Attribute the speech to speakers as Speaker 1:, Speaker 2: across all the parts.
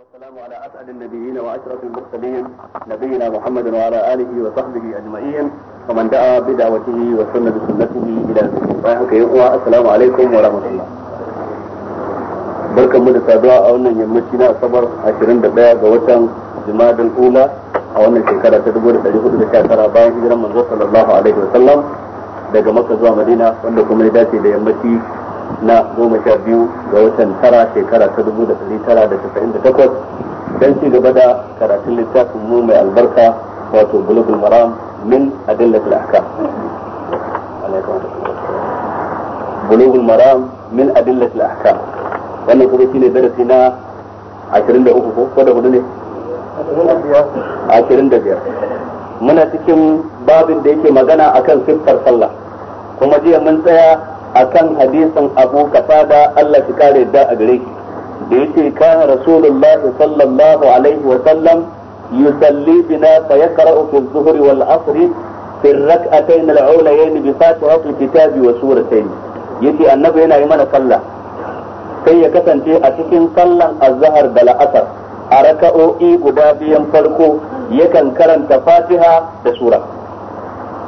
Speaker 1: والسلام على اسعد النبيين واشرف المرسلين نبينا محمد وعلى اله وصحبه اجمعين ومن دعا بدعوته وسن بسنته الى يوم السلام عليكم ورحمه الله barkan mu da saduwa a wannan yammaci na asabar 21 ga watan jimadin ula a wannan shekara ta 1419 bayan hijiran manzo sallallahu alaihi wasallam daga makka zuwa madina wanda kuma ya dace da yammaci na goma sha biyu ga watan tara shekara ta dubu da ɗari tara da casa'in da takwas don ci gaba da karatun littafin mu mai albarka wato bulugul maram min adillatul ahkam bulugul maram min adillatul ahkam wannan kuma shine darasi na 23 ko ko da hudu ne 25 muna cikin babin da yake magana akan siffar sallah kuma jiya mun tsaya akan hadisin Abu Qatada Allah shi kare da a gare shi da yace kana Rasulullah sallallahu alaihi wa sallam yusalli bina fa yaqra'u fi dhuhri wal 'asri fi ar-rak'atayn al-awlayayn bi fatirati kitabi wa suratayn yace annabi yana yi mana sallah sai ya kasance a cikin sallan azhar da la'asar a raka'o'i guda biyan farko yakan karanta fatiha da sura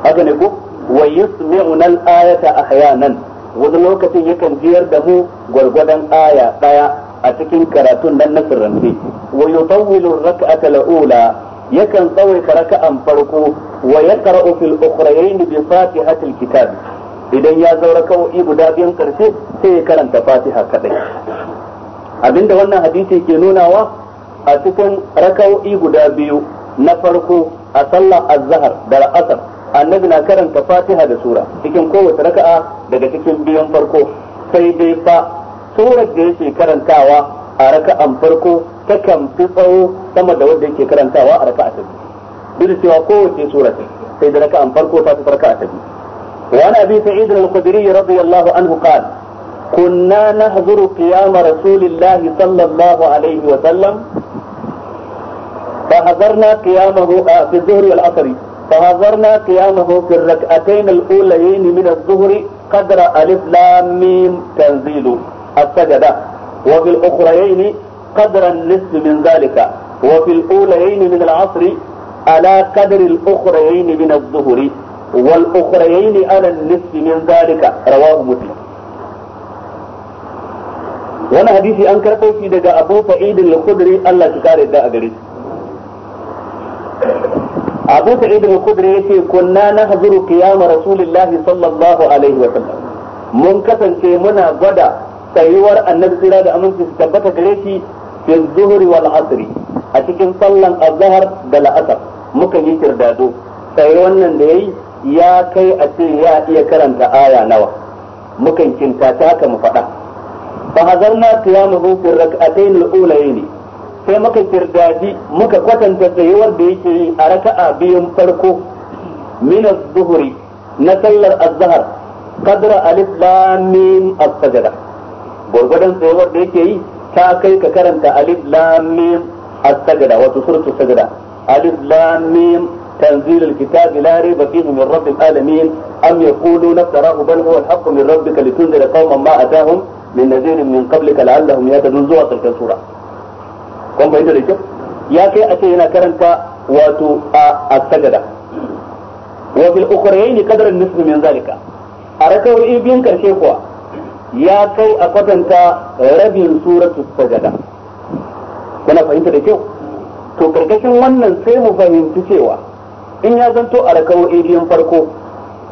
Speaker 1: haka ne ko wa yusmi'una al-ayata ahyanan wani lokacin yakan jiyar da mu gwargwadon aya daya a cikin karatun nan na sirrance wa yutawwilu rak'ata al-ula yakan tsawaita raka'an farko wa yaqra'u fil ukhrayn bi fatihati al-kitab idan ya zaura kawai guda biyan karshe sai ya karanta fatiha kadai abinda wannan hadisi ke nunawa a cikin raka'o'i guda biyu na farko a sallar azhar da asar annabi na karanta fatiha da sura cikin kowace raka'a daga cikin biyan farko sai dai fa surar da yake karantawa a raka'an farko ta kan fi tsawo sama da wanda yake karantawa a raka'a ta biyu duk cewa kowace sura ce sai da raka'an farko ta fi raka'a ta biyu وعن ابي سعيد الخدري رضي الله عنه قال كنا نحضر قيام رسول الله صلى الله عليه وسلم فحضرنا قيامه في الظهر والعصر فنظرنا قيامه في الركعتين الأوليين من الظهر قدر ألف لام ميم تنزيل السجدة وفي الأخريين قدر النصف من ذلك وفي الأوليين من العصر على قدر الأخريين من الظهر والأخريين على النصف من ذلك رواه مسلم وانا حديثي أنكر karɓo shi أبو abu الخدري الله تكاري Allah shi abu sa'id al-khudri yace kunna nahzuru qiyam rasulillahi sallallahu alaihi wa sallam mun kasance muna gwada tsayuwar annabi sira da aminci su tabbata gare shi fi zuhri wal asri a cikin sallan azhar da la'asar muka yi kirdado sai wannan da yayi ya kai a ce ya iya karanta aya nawa mukan kinta ta haka mu faɗa fa hazarna qiyamuhu fi rak'atayn al-ulayn sai muka kirdaji muka kwatanta tsayuwar da yake a raka'a biyun farko Minas az na sallar az-zahar qadra alif lam mim as-sajda gurgudan tsayuwar da yake yi ta kai ka karanta alif lam mim as-sajda wato suratul sajda alif lam mim تنزيل الكتاب لا ريب فيه من رب العالمين أم يقولون افتراه بل هو الحق من ربك لتنذر قوما ما أتاهم من نذير من قبلك لعلهم يهتدون زوى تلك kun fahimta da kyau ya kai a ce yana karanta wato a sagada wa fil ukhrayn qadran nisfu min zalika a rakawi karshe kuwa ya kai a kwatanta rabin suratu sagada. kuna fahimta da kyau to karkashin wannan sai mu fahimci cewa in ya zanto a rakawo biyun farko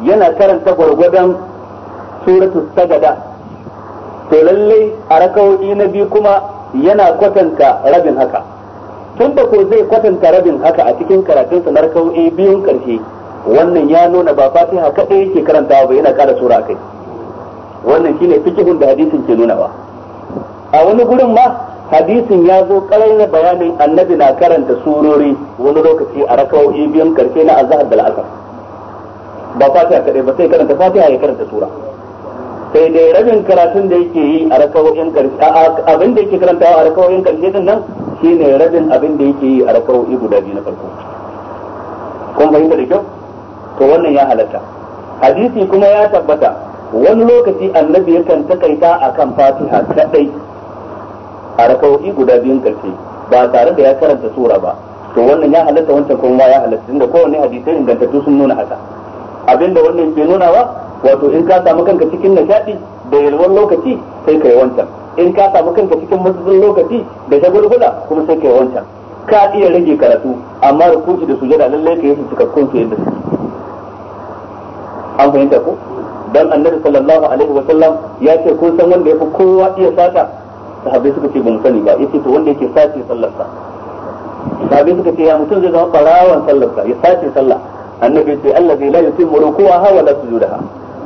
Speaker 1: yana karanta gwargwadon suratu sagada to lallai a rakawo'i na biyu kuma yana kwatanta rabin haka tun da ko zai kwatanta rabin haka a cikin karatun na rakau'i biyun karshe wannan ya nuna ba fatiha kadai yake karantawa ba yana kada sura kai wannan shine fikihun da hadisin ke nuna ba. a wani gurin ma hadisin ya zo na bayanin annabi na karanta surori wani lokaci a rakau'i biyun karshe na azhar da al'asar ba fatiha kadai ba sai karanta fatiha ya karanta sura sai dai rabin karatun da yake yi a rakawoyin karshe abin da yake karanta a rakawoyin karshe din nan shine rabin abin da yake yi a rakawoyi guda biyu na farko kun fahimta da kyau to wannan ya halatta hadisi kuma ya tabbata wani lokaci annabi yakan takaita akan fatiha kadai a rakawoyi guda biyun karshe ba tare da ya karanta sura ba to wannan ya halatta wancan kuma ya halatta tunda kowanne hadisi ingantattu sun nuna haka abinda wannan ke nuna ba wato in ka samu kanka cikin nishadi da yalwar lokaci sai kai wancan in ka samu kanka cikin matsatsin lokaci da shagulgula kuma sai kai wancan ka iya rage karatu amma rukuci da sujada lallai ka yi su cikakkun su yadda an fahimta ko dan annabi sallallahu alaihi wa sallam ya ce kun san wanda yafi kowa iya sata sahabbai suka ce bamu sani ba yace to wanda yake sace sallarsa sahabbai suka ce ya mutum zai zama farawan sallarsa ya sace sallah annabi ce allazi la yutimmu ruku'aha wa la sujudaha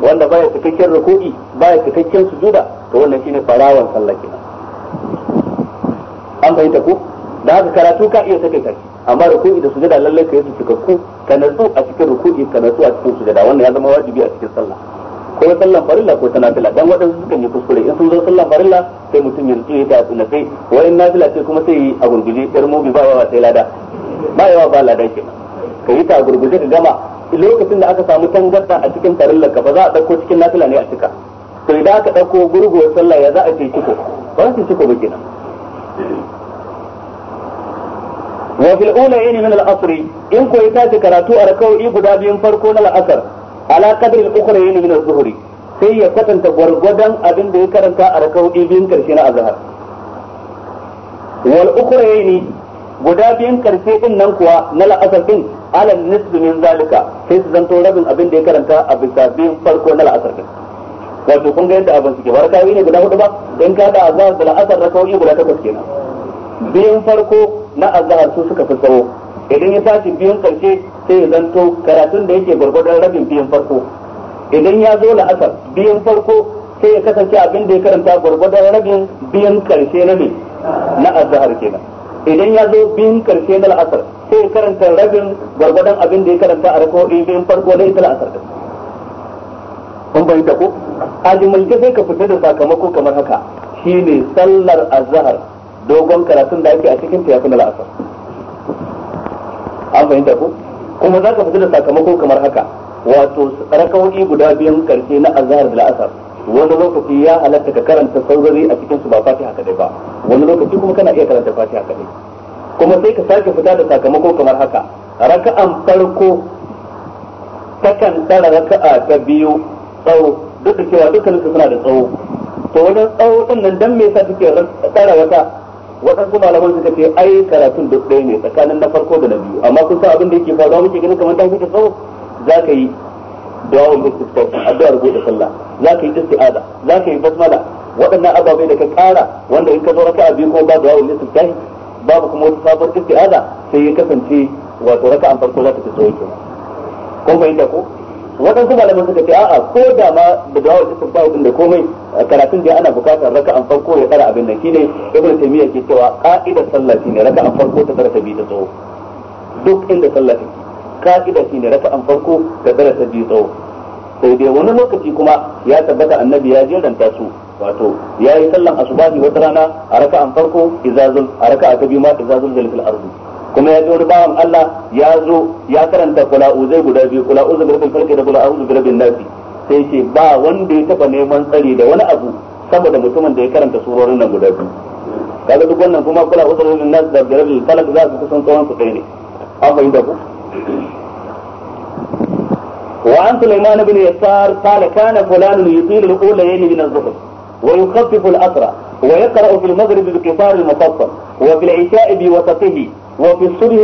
Speaker 1: wanda baya cikakken ruku'i baya cikakken sujuda to wannan shine farawan sallah kenan an fahimta ku da haka karatu ka iya saka kai amma ruku'i da sujuda lallai ka yi su cikakku ka natsu a cikin ruku'i ka natsu a cikin sujuda wannan ya zama wajibi a cikin sallah ko sallan farilla ko ta nafila dan waɗansu sukan yi kuskure in sun zo sallan farilla sai mutum ya rike ta tsina sai wa'in nafila ce kuma sai a gurguje yar mubi ba ba sai lada ba yawa ba lada kenan ka yi ta a gurguje ka gama lokacin da aka samu tangarda a cikin farillar ka ba za a dauko cikin nafila ne a cika to idan aka dauko gurguwar sallah ya za a ce ciko ba za su ciko ba kenan wa fil ula yani min al-asr in ko ita ce karatu a rakawi guda biyun farko na al-asr ala qadri al-ukhra yani min az-zuhri sai ya kwatanta gwargwadon abin da ya karanta a rakawi biyun karshe na azhar wal ukhra yani guda biyan karfe din nan kuwa na la'asar din ala nisbi min zalika sai su zanto rabin abin da ya karanta a bisa biyun farko na la'asar din wato kun ga yadda abin suke ba rakawi ne guda hudu ba dan ka da azhar da la'asar kawai guda takwas kenan Biyan farko na azhar su suka fi tsawo idan ya tashi biyun karshe sai ya zanto karatun da yake gurgurdan rabin biyun farko idan ya zo la'asar biyun farko sai ya kasance abin da ya karanta gurgurdan rabin biyun karshe na ne na azhar kenan idan ya zo bin karshe na la'asar sai karanta rabin gwargwadon abin da ya karanta a rako'i bin farko na ita la'asar din kun bai ko a jimilce sai ka fita da sakamako kamar haka shi ne sallar azhar dogon karatun da ake a cikin ta yafi na la'asar an fahimta ko kuma za ka fita da sakamako kamar haka wato rakawoyi guda biyan karshe na azhar da la'asar wani lokaci ya halatta ka karanta saurari a cikin su ba fatiha kadai ba wani lokaci kuma kana iya karanta fatiha kadai kuma sai ka sake fita da sakamako kamar haka raka'an farko takan tsara raka'a ta biyu tsawo duk da cewa dukkanin su suna da tsawo to wajen tsawo din nan dan me yasa take tsara wata kuma malaman suka ce ai karatun duk ɗaya ne tsakanin na farko da na biyu amma kun san abin da yake faruwa muke ganin kamar ta fi tsawo za ka yi du'aul istiftar addu'ar bude sallah zaka yi isti'aza zaka yi basmala waɗannan ababai da ka ƙara wanda in ka zo raka'a biyu kuma ba du'aul istiftar babu kuma wata sabuwar isti'aza sai ya kasance wato raka'an farko za ta fi tsoyi kun fahimta ko waɗansu malaman suka ce a'a ko da ma da dawar da sun din da komai karatun da ana buƙatar raka'an farko ya tsara abin nan shine ibnu taymiya ke cewa ka'idar sallah shine raka'an farko ta tsara ta biyu ta tsawo duk inda sallah take ka'ida shine raka'an farko ta tsara ta biyu tsawo sai dai wani lokaci kuma ya tabbata annabi ya jiranta su wato ya yi sallan asubahi wata rana a raka an farko izazul a raka a biyu ma izazul zalfil ardu kuma ya ji wani bawan Allah ya zo ya karanta kula uzai guda biyu kula uzai bi rabbil falqi da kula uzai bi rabbin sai ce ba wanda ya taba neman tsari da wani abu saboda mutumin da ya karanta surorin nan guda biyu kaga duk wannan kuma kula uzai bi rabbin nasi da rabbil falq za su kusan tsawon su ɗaya ne an fahimta ku وعن سليمان بن يسار قال كان فلان يطيل الأوليين من الظهر ويخفف الأسرى ويقرأ في المغرب بقطار المفصل وفي العشاء بوسطه وفي الصبح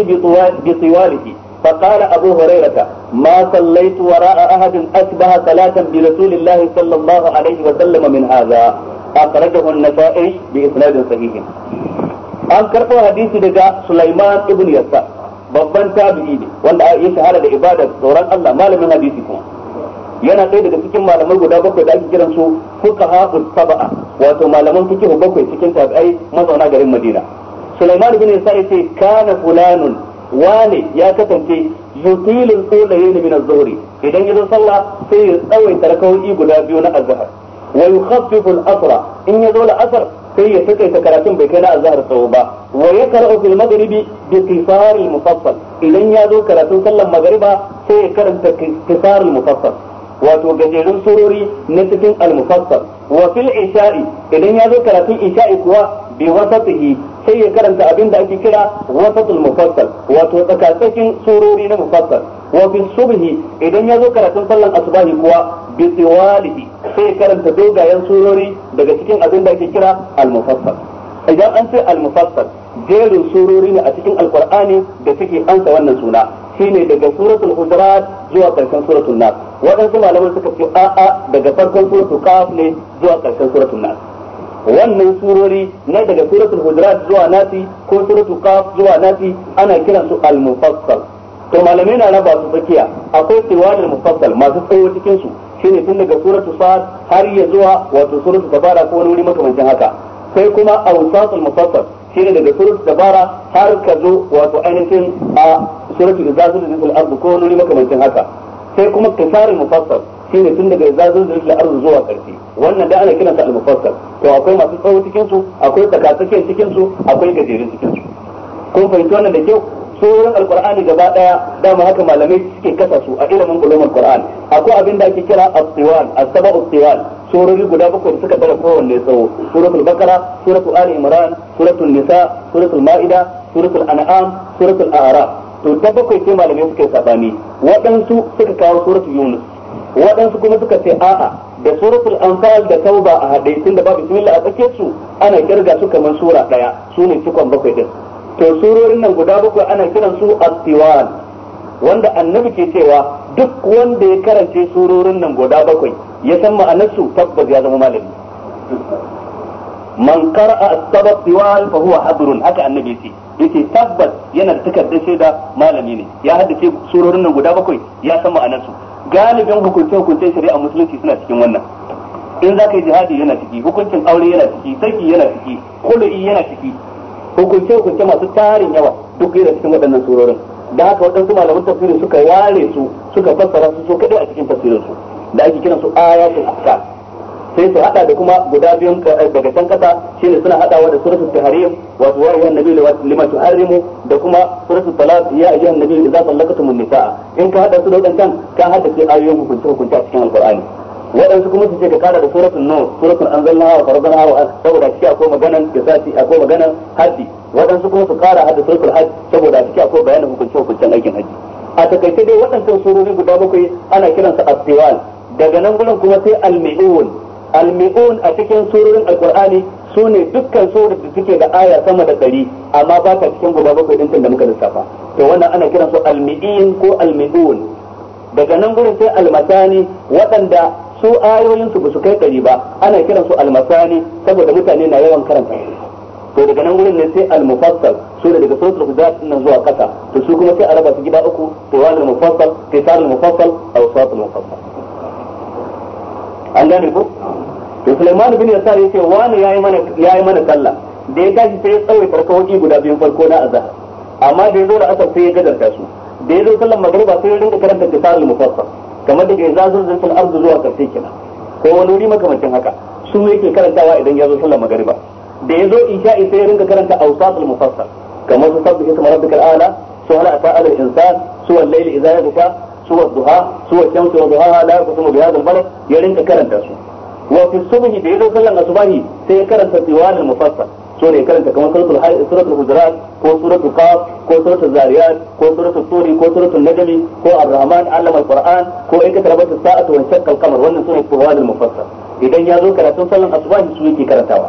Speaker 1: بطواله فقال أبو هريرة ما صليت وراء أحد أشبه صلاة برسول الله صلى الله عليه وسلم من هذا أخرجه النسائي بإسناد صحيح أنكرت حديث دجا سليمان بن يسار babban tabi'i ne wanda ya shahara da ibada tsoron Allah malamin hadisi kuma yana ɗaya daga cikin malamai guda bakwai da ake kiran su fuqaha saba'a wato malaman fiqh bakwai cikin tabi'ai mazauna garin Madina Sulaiman bin Isa yace kana fulanun wane ya kasance yutilul qulayn min az-zuhri idan yazo sallah sai ya tsawaita rakawoyi guda biyu na azhar wa yukhaffifu al-asra in ya zo al sai ya takaita karatun bai kai na azhar tsawo ba wa ya karau fil maghribi bi qisar idan ya karatun sallar sai ya karanta wato gajerun surori na cikin al wa fil isha'i idan ya zo karatun isha'i kuwa bi wasatihi sai ya karanta abin da ake kira wasatul mufassal wato tsakatsakin surori na mufassal wa fi subhi idan ya zo karatun sallan asubahi kuwa bi tiwalihi sai karanta dogayen surori daga cikin abin da ake kira al-mufassal idan an ce al-mufassal jerin surori ne a cikin alqur'ani da suke ansa wannan suna shine daga suratul zuwa karshen suratul nas waɗansu malamai suka fi a'a daga farkon suratul ne zuwa karshen suratul nas wannan surori na daga suratul hujurat zuwa nasi ko suratul kaf zuwa nasi ana kiransu al-mufassal to malamai na raba su tsakiya akwai tiwadul mufassal masu tsawo cikin su shine tun daga suratu sa'ad har ya zuwa wato suratu tabara ko wani wuri makamancin haka sai kuma awsatul mufassal shine daga suratu tabara har ka zo wato ainihin a suratu izazul ardu ko wani wuri makamancin haka sai kuma kisarul mufassal shine tun daga izazul zilzil ardu zuwa karfi wannan da ana sa al mufassal to akwai masu tsawo cikin su akwai tsakatsakin cikin su akwai gajeren cikin su kun fahimci wannan da kyau sauran alkur'ani gaba daya dama haka malamai suke kasa su a ilimin ulumul qur'an akwai abin da ake kira as-siwan as as siwan surori guda bakwai suka bada kowanne tsawo suratul bakara suratul ali imran suratul nisa suratul maida suratul an'am suratul a'raf to ta bakwai sai malamai suke sabani waɗansu suka kawo suratul yunus waɗansu kuma suka ce a'a da suratul anfal da tauba a haɗe da babu bismillah a tsakiyar su ana kirga su kamar sura ɗaya su cikon bakwai din to surorin nan guda bakwai ana kiran su astiwan wanda annabi ke cewa duk wanda ya karance surorin nan guda bakwai ya san ma'anarsu tabbas ya zama malami man qara'a as-sabab tiwal fa huwa hadrun aka annabi ce yace tabbas yana da takardar shaida malami ne ya haddace surorin nan guda bakwai ya san ma'anarsu galibin hukuncin hukuncin shari'a musulunci suna cikin wannan in za ka yi jihadi yana ciki hukuncin aure yana ciki sarki yana ciki kulu'i yana ciki hukunce hukunce masu tarin yawa duk da cikin waɗannan surorin da haka waɗansu malaman tafsiri suka ware su suka fassara su so kadai a cikin tafsirin su da ake kiran su ayatul ahkam sai su hada da kuma guda biyun eh, daga can kasa shine suna hadawa da suratul tahrim wa wa ya nabi lima tuharrimu da kuma suratul talaq ya ayyuha nabi idza sallaqtumun nisaa in ka hada su da wadannan ka hada sai ayoyin hukunce hukunce a cikin alqur'ani waɗansu kuma su ce ka kara da suratul nur suratul anzalna wa farzana wa saboda ciki akwai maganan kisasi akwai maganan haddi waɗansu kuma su kara hadda suratul hajj saboda ciki akwai bayanin hukuncin hukuncin aikin hajji a takaice dai waɗancan surori guda bakwai ana kiransa as daga nan gudun kuma sai al-mi'un a cikin surorin alqur'ani su ne dukkan surar da suke da aya sama da ɗari amma ba ta cikin guda bakwai ɗin da muka lissafa to wannan ana kiransu al-mi'in ko al daga nan gudun sai al waɗanda su ayoyin su su kai ɗari ba ana kiran su almasani saboda mutane na yawan karanta to daga nan wurin ne sai almufassal su da daga sautul hujjat nan zuwa kasa to su kuma sai a su gida uku to wani mufassal kai sar mufassal aw wasu mufassal an gane ko to suleiman bin Yasar yace wani yayi mana yayi mana sallah da ya tashi sai ya tsawai farko wani guda biyun farko na azhar amma da ya zo da asar sai ya gadarta su da ya zo sallan magriba sai ya rinka karanta kitabul mufassal kamar daga idza zulzilatil ardu zuwa karshe kenan ko wani wuri makamancin haka su yake karantawa idan ya zo sallar magariba da ya zo isha'i sai ya rinka karanta awsatul mufassal kamar su sabbi isma rabbikal a'la su hal ata al insan su wal layli idza yaghsha su wad duha su wal shamsu wa duhaha la yaqsumu bi hadha al ya rinka karanta su wa fi subhi da ya zo sallar asubahi sai ya karanta tiwanul mufassal so ne karanta kamar suratul hayy suratul hujurat ko suratul qaf ko suratul zariyat ko suratul turi ko suratul najmi ko ar-rahman allama al-qur'an ko in ka tarabata sa'atu wa shaqqa al-qamar wannan sune fawadul mufassal idan ya zo karatun sallan asubahi su yake karantawa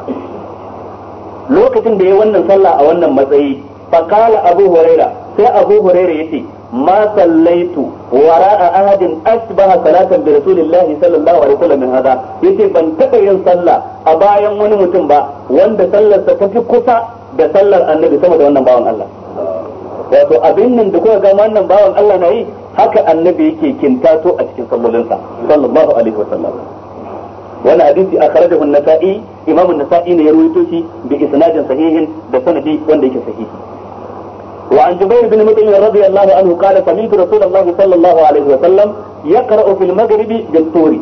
Speaker 1: lokacin da ya wannan sallah a wannan matsayi fa qala abu huraira sai abu huraira yace ما صليت وراء أحد أشبه صلاة برسول الله صلى الله عليه وسلم من هذا يجي بان تبين صلى أبايا من متنبا وان صلى ستفي كسا da sallar annabi sama da wannan bawan Allah wato abin nan da kuka ga wannan bawan Allah na yi haka annabi yake kintato a cikin sallolinsa sallallahu alaihi wasallam wani hadisi a kharajahu an-nasa'i imamu an-nasa'i ne ya rawaito shi bi isnadin sahihin da sanadi wanda yake sahihi وعن جبير بن مطعم رضي الله عنه قال سمعت رسول الله صلى الله عليه وسلم يقرأ في المغرب بالطور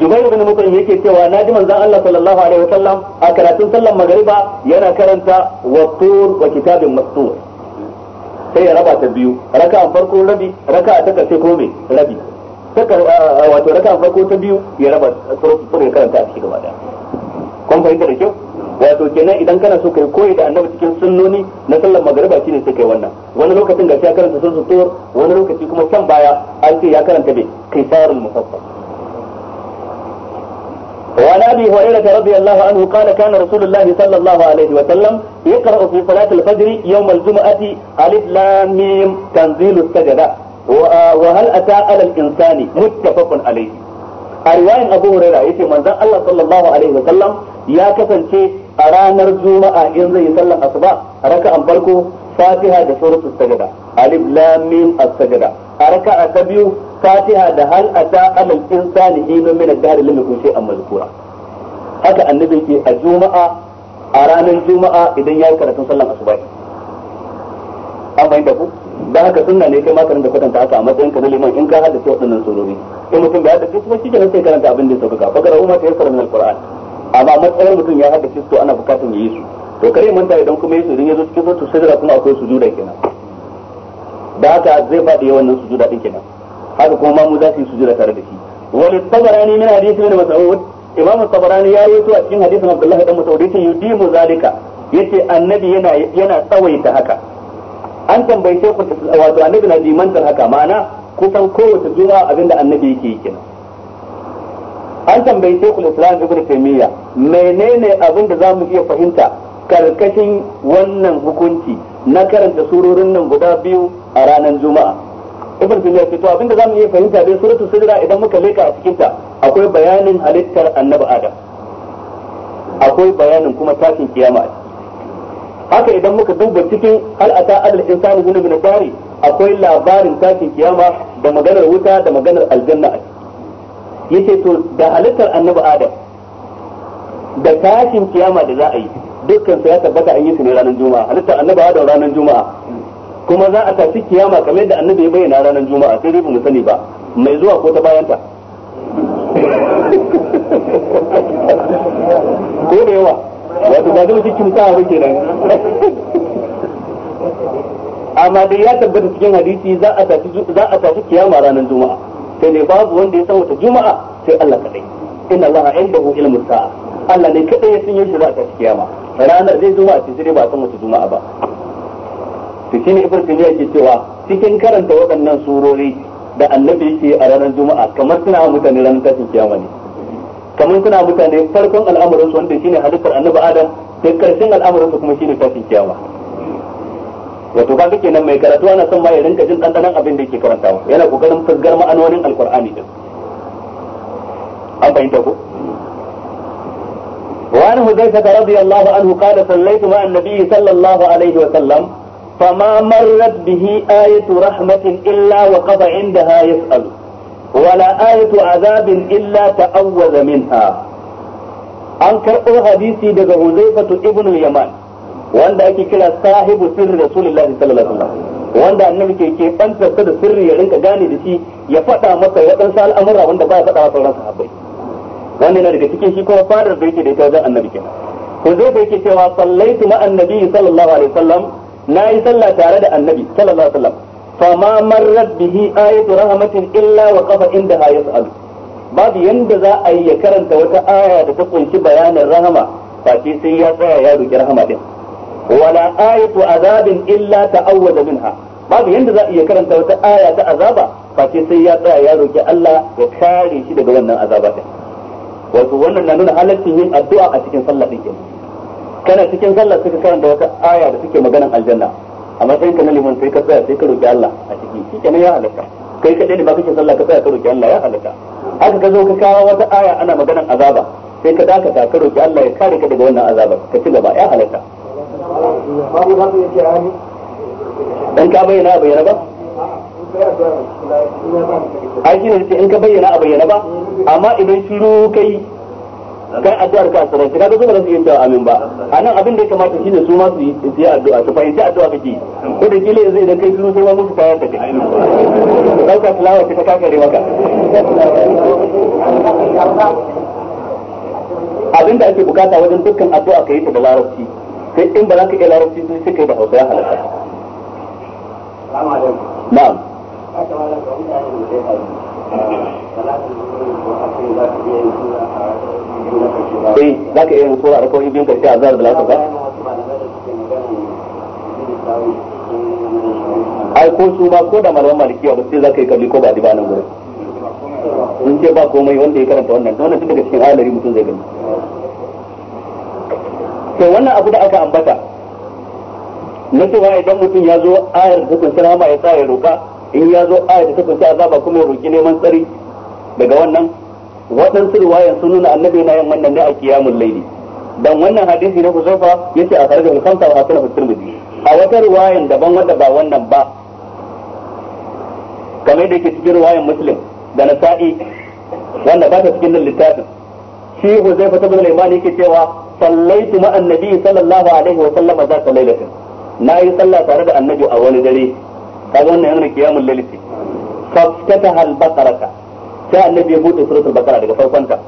Speaker 1: جبير بن مطعم yake cewa na ji manzon Allah sallallahu alaihi wasallam a karatun sallar magriba yana karanta wattur sai ya raba ta biyu raka'a farko rabi raka'a ta karshe ko me rabi wato raka'a farko ta biyu ya raba sunan karanta a cikin gaba daya kun fahimta da kyau wato kenan idan kana so kai koyi da annabi cikin sunnoni na sallar magariba shine sai kai wannan wani lokacin ga ya karanta sun wani lokaci kuma can baya an ce ya karanta bai kai sarul musaffal وعن ابي هريره رضي الله عنه قال كان رسول الله صلى الله عليه وسلم يقرا في صلاه الفجر يوم الجمعه الف لام ميم تنزيل السجده وهل اتى على الانسان متفق عليه a riwayan abu huraira yace manzon Allah sallallahu alaihi wa sallam ya kasance a ranar juma'a in zai yi sallar asuba raka'an farko fatiha da suratul sajda alif lam mim as-sajda a raka'a ta biyu fatiha da hal ata alal insani hinu min ad-dahr lam yakun shay'an mazkura haka annabi ke a juma'a a ranar juma'a idan ya karatu sallar asuba an bayyana ku dan haka sunna ne kai ma da kwatanta haka a matsayin ka na liman in ka hada ce waɗannan surori in mutum bai hada ce kuma shi ke kenan sai karanta abin da ya sauka fa garau ma ta yassara min al-qur'an amma matsayin mutum ya haɗa shi to ana bukatun ya yi su to kare manta idan kuma yi su idan ya zo cikin sautu sajada kuma akwai su juda kenan da haka zai faɗi yawan nan su juda ɗin kenan haka kuma mamu za su yi juda tare da shi wani tabarani min hadisin da mas'ud imamu tabarani ya yi a cikin hadisin abdullahi dan mas'ud yace yudimu zalika yace annabi yana yana tsawaita haka an tambaye shekul wato annabi na limantar haka ma'ana kusan kowace juma'a abinda annabi yake yi kenan an tambayi shekul islam ibn taimiyya menene abin da zamu iya fahimta karkashin wannan hukunci na karanta surorin nan guda biyu a ranar juma'a ibn taymiya ce to abin da zamu iya fahimta dai suratu sujda idan muka leka a cikin akwai bayanin halittar annabi adam akwai bayanin kuma tashin kiyama haka idan muka duba cikin al'ata adal insani gunu bari akwai labarin tashin kiyama da maganar wuta da maganar aljanna a ciki yace to da halittar annabi adam da tashin kiyama da za a yi dukkan sa ya tabbata an yi su ne ranar juma'a halittar annabi adam ranar juma'a kuma za a tashi kiyama kamar yadda annabi ya bayyana ranar juma'a sai dai mu sani ba mai zuwa ko ta bayanta ko da yawa wato ba zama cikin ta ba kenan amma dai ya tabbata cikin hadisi za a tashi za a tashi kiyama ranar juma'a sai ne babu wanda ya san wata juma'a sai Allah kadai inna Allah indahu ilmu sa'a Allah ne kadai ya san yaushe za ta kiyama ranar zai juma'a a sai ba san wata juma'a ba to shine ibn tuniya yake cewa cikin karanta waɗannan surori da annabi yake a ranar juma'a kamar suna mutane ranar tashin kiyama ne kamar suna mutane farkon al'amuransu wanda shine halittar annabi adam da karshen al'amuransu kuma shine tashin kiyama wato kaga kenan mai karatu ana son ma ya rinka jin dandanan abin da yake karantawa yana kokarin fusgar ma'anonin alqur'ani din an fahimta ko وعن حذيفة رضي الله عنه قال صليت مع النبي صلى الله عليه وسلم فما مرت به آية رحمة إلا وقف عندها يسأل ولا آية عذاب إلا تأوذ منها أنكر حديثي دقى حذيفة ابن اليمان wanda ake kira sahibu sirri rasulullahi sallallahu alaihi wasallam wanda annabi ke ke bantarsa da sirri ya rinka gane da shi ya faɗa masa ya ɗan al'amura wanda ba ya faɗa wa sauran sahabbai wanda na daga cikin shi kuma fadar da yake da ita wajen annabi kenan ko zai bai ke cewa sallaitu ma annabi sallallahu alaihi wasallam na yi sallah tare da annabi sallallahu alaihi wasallam fama marrat bihi ayatu rahmatin illa wa qafa inda yas'alu babu yanda za a yi ya karanta wata aya da ta kunshi bayanin rahama face sai ya tsaya ya roki rahama din wala ayatu azabin illa ta'awwada minha babu yanda za a iya karanta wata aya ta azaba face sai ya tsaya ya roki Allah ya kare shi daga wannan azaba din wannan na nuna halaccin yin addu'a a cikin sallah din kana cikin sallah sai karanta wata aya da take maganan aljanna a matsayin ka na liman sai ka tsaya sai ka roki Allah a ciki shikenan ya halaka kai kadai ne ba kake ka tsaya ka roki Allah ya haka ka ka kawo wata aya ana maganan azaba sai ka dakata ka Allah ya kare ka daga wannan azaba ka ci gaba ya halarta. dan ka bayyana a bayyana ba ai shi ne in ka bayyana a bayyana ba amma idan shiru kai kai addu'ar ka sarai kaga zuwa da su yin cewa amin ba anan abin da ya kamata shine su ma su yi su yi addu'a su fahimci addu'a kake ko da kila yanzu idan kai shiru sai ma musu tayar da dauka tilawa ta kakare maka abin da ake bukata wajen dukkan addu'a kai ta da larabci sai in ba za ka iya larabci sai kai da hausa ya halaka na'am eh za ka iya yin sura da kawai biyun karshe a zara da lasa ba ai ko su ba ko da malaman malikiya ba sai za ka yi kabli ko ba di ba nan gurin sun ce ba komai wanda ya karanta wannan wannan tun daga cikin ayar mutum zai gani to wannan abu da aka ambata na cewa idan mutum ya zo ayar da kun rama ya tsaya roka in ya zo ayar da kunshi azaba kuma roki neman tsari daga wannan waɗansu riwayan sun nuna annabi na yin wannan ne a kiyamul laili dan wannan hadisi na kusurfa yace a karga al-khamsa wa hasana da tirmidhi a wata riwayan daban wanda ba wannan ba kamar da yake cikin riwayan muslim da nasa'i wanda ba ta cikin littafin shi Huzaifa ibn al-Yamani ke cewa sallaitu ma annabi sallallahu alaihi wa sallama za ka lailata na yi sallah tare da annabi a wani dare kaga wannan yana kiyamul lailati faftataha al-baqarata sai annabi ya bude suratul baqara daga farkonta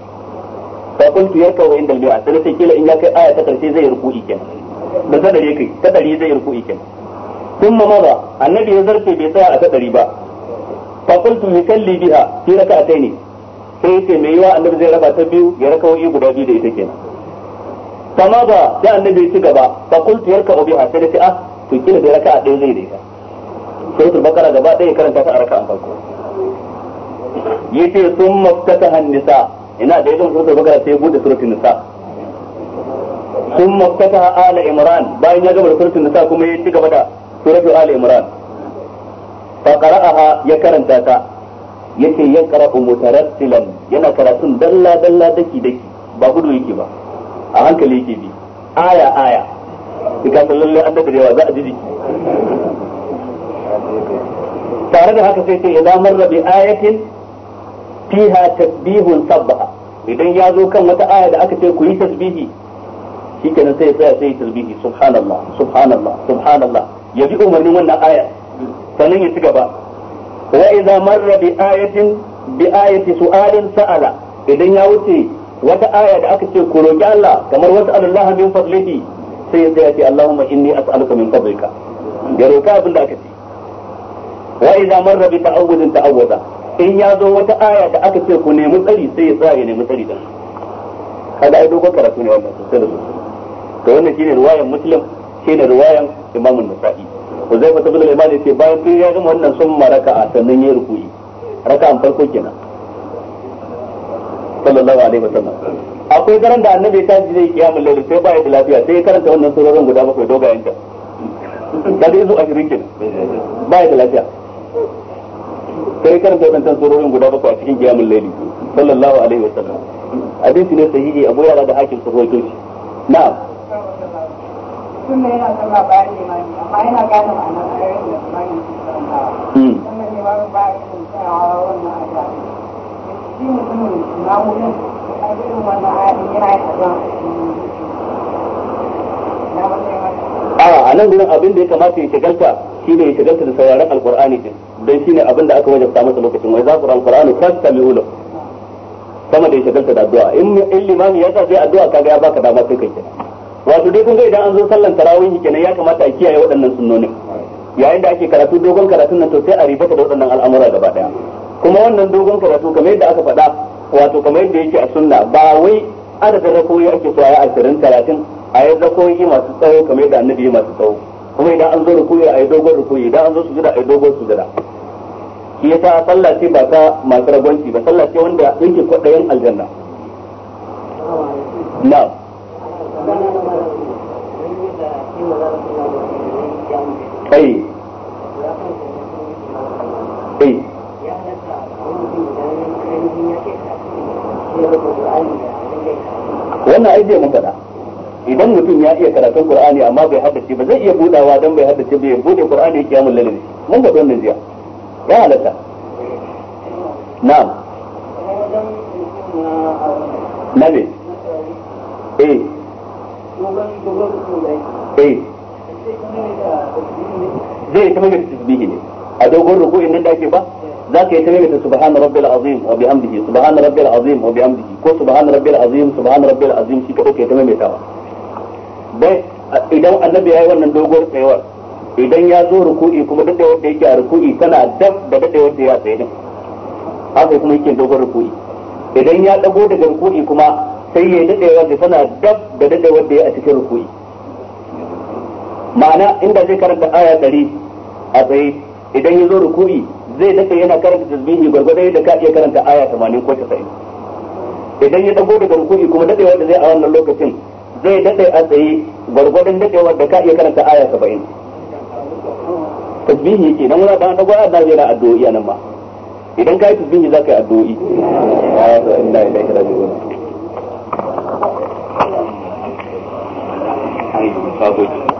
Speaker 1: fa kuntu yarka wa inda al-bi'a sai sai kila in ya kai aya ta karshe zai ruku'i ikin da ta dare kai ta dare zai ikin kun ma maza annabi ya zarfe bai tsaya a ta dare ba fa kuntu yukalli biha fi raka'ataini sai ce mai yawa annabi zai raba ta biyu ya rakawoyi guda biyu da ita kenan fama ba sai annabi ya ci gaba fa qultu yarka'u biha sai da ce ah to kila da raka'a ɗaya zai da ita suratul baqara gaba ɗaya karanta ta a raka'an farko yace sun ta Hannisa ina da yayin suratul baqara sai bude suratul nisa sun ta ala imran bayan ya gama da suratul nisa kuma ya ci gaba da suratul ala imran fa qara'aha ya karanta ta yace yin karatu mutarattilan yana karatun dalla dalla daki daki ba gudu yake ba a hankali yake bi aya aya kika san lalle an daga yawa za a jiji tare da haka sai ce idan marra bi ayatin fiha tasbihun sabbaha idan ya zo kan wata aya da aka ce ku yi tasbihi shikenan sai ya tsaya sai ya tasbihi subhanallah subhanallah subhanallah ya bi umarnin wannan aya sannan ya ci gaba ayatin bi ayati su'alin sa'ala idan ya wuce wata aya da aka ce ku roki Allah kamar wata Allah min fadlihi sai ya ce Allahumma inni as'aluka min fadlika ya roka abin da aka ce wa idza marra bi ta'awudin ta'awuda in ya zo wata aya da aka ce ku nemi tsari sai ya tsaya ya nemi tsari din kada ai dogon karatu ne wannan sai da sosai to wannan shine ruwayan muslim shine ruwayan imam nasai zai mata bin limani ce bayan duk ya gama wannan sun maraka a sannan ya rukuyi raka'an farko kenan sallallahu alaihi wasallam akwai daren da annabi ta ji zai kiyamul layl sai ba ya da lafiya sai ya karanta wannan surorin guda bakwai dogayen ta da zai zo a shirin kenan ba ya da lafiya sai ya karanta wannan surorin guda bakwai a cikin kiyamul layl sallallahu alaihi wasallam hadisi ne sahihi abu yara da hakim sun rawaito shi na'am
Speaker 2: sunna yana sallah bayan limani amma yana gane ma'anar ayoyin da limani ke karantawa hmm. wannan ne ba ba irin tsayawa wannan aya shi mutumin na wurin a irin wannan aya yana yin addu'a
Speaker 1: a nan gurin abin da ya kamata ya shigalta shi ne ya shigalta da sauraron alkur'ani din don shi ne abin da aka wajabta masa lokacin wai za ku alkur'ani fasta mi ulo sama da ya shigalta da addu'a in limami ya sa sai addu'a kaga ya baka dama kai kai kenan wato dai kun ga idan an zo sallan tarawih kenan ya kamata a kiyaye waɗannan sunnonin yayin da ake karatu dogon karatun nan to sai a ribata da waɗannan al'amura gaba daya kuma wannan dogon karatu kamar yadda aka faɗa wato kamar yadda yake a sunna ba wai adadin rakoyi ake so a yi ashirin talatin a yi rakoyi masu tsawo kamar yadda annabi yi masu tsawo kuma idan an zo rukuyi a yi dogon rukuyi idan an zo sujada a yi dogon sujada shi sa sallah ce ba ta masu ragwanci ba sallah ce wanda yake kwaɗayin aljanna na'am wannan aiki mun faɗa idan mutum ya iya karatun qur'ani amma bai haddace ba zai iya budawa dan bai haddace bai bude qur'ani ya kiyamul layl mun ga wannan jiya ya halatta na'am nabi eh zai ta mai tasbihi ne a dogon ruku'in nan da ake ba za ka yi ta maimaita subhana rabbil azim wa bihamdihi subhana rabbil azim wa bihamdihi ko subhana rabbil azim subhana rabbil azim shi ka kai ta maimaitawa bai idan annabi yayi wannan doguwar tsayawar idan ya zo ruku'i kuma da wanda yake a ruku'i tana dab da da wanda ya tsaye din haka kuma yake dogon ruku'i idan ya dago daga ruku'i kuma sai ya dade wanda tana dab da dade wanda ya a cikin ruku'i ma'ana inda zai karanta aya ɗari a tsaye idan ya zo rukuri zai dace yana karanta tasbihi gwargwadon yadda ka iya karanta aya tamanin ko 90 idan ya dago daga rukuri kuma dadewar wanda zai a wannan lokacin zai dade a tsaye gwargwadon dadewar wanda ka iya karanta aya saba'in tasbihi yake nan wani dan dago da zai na addu'o'i nan ma idan ka yi tasbihi za ka yi addu'o'i Thank you.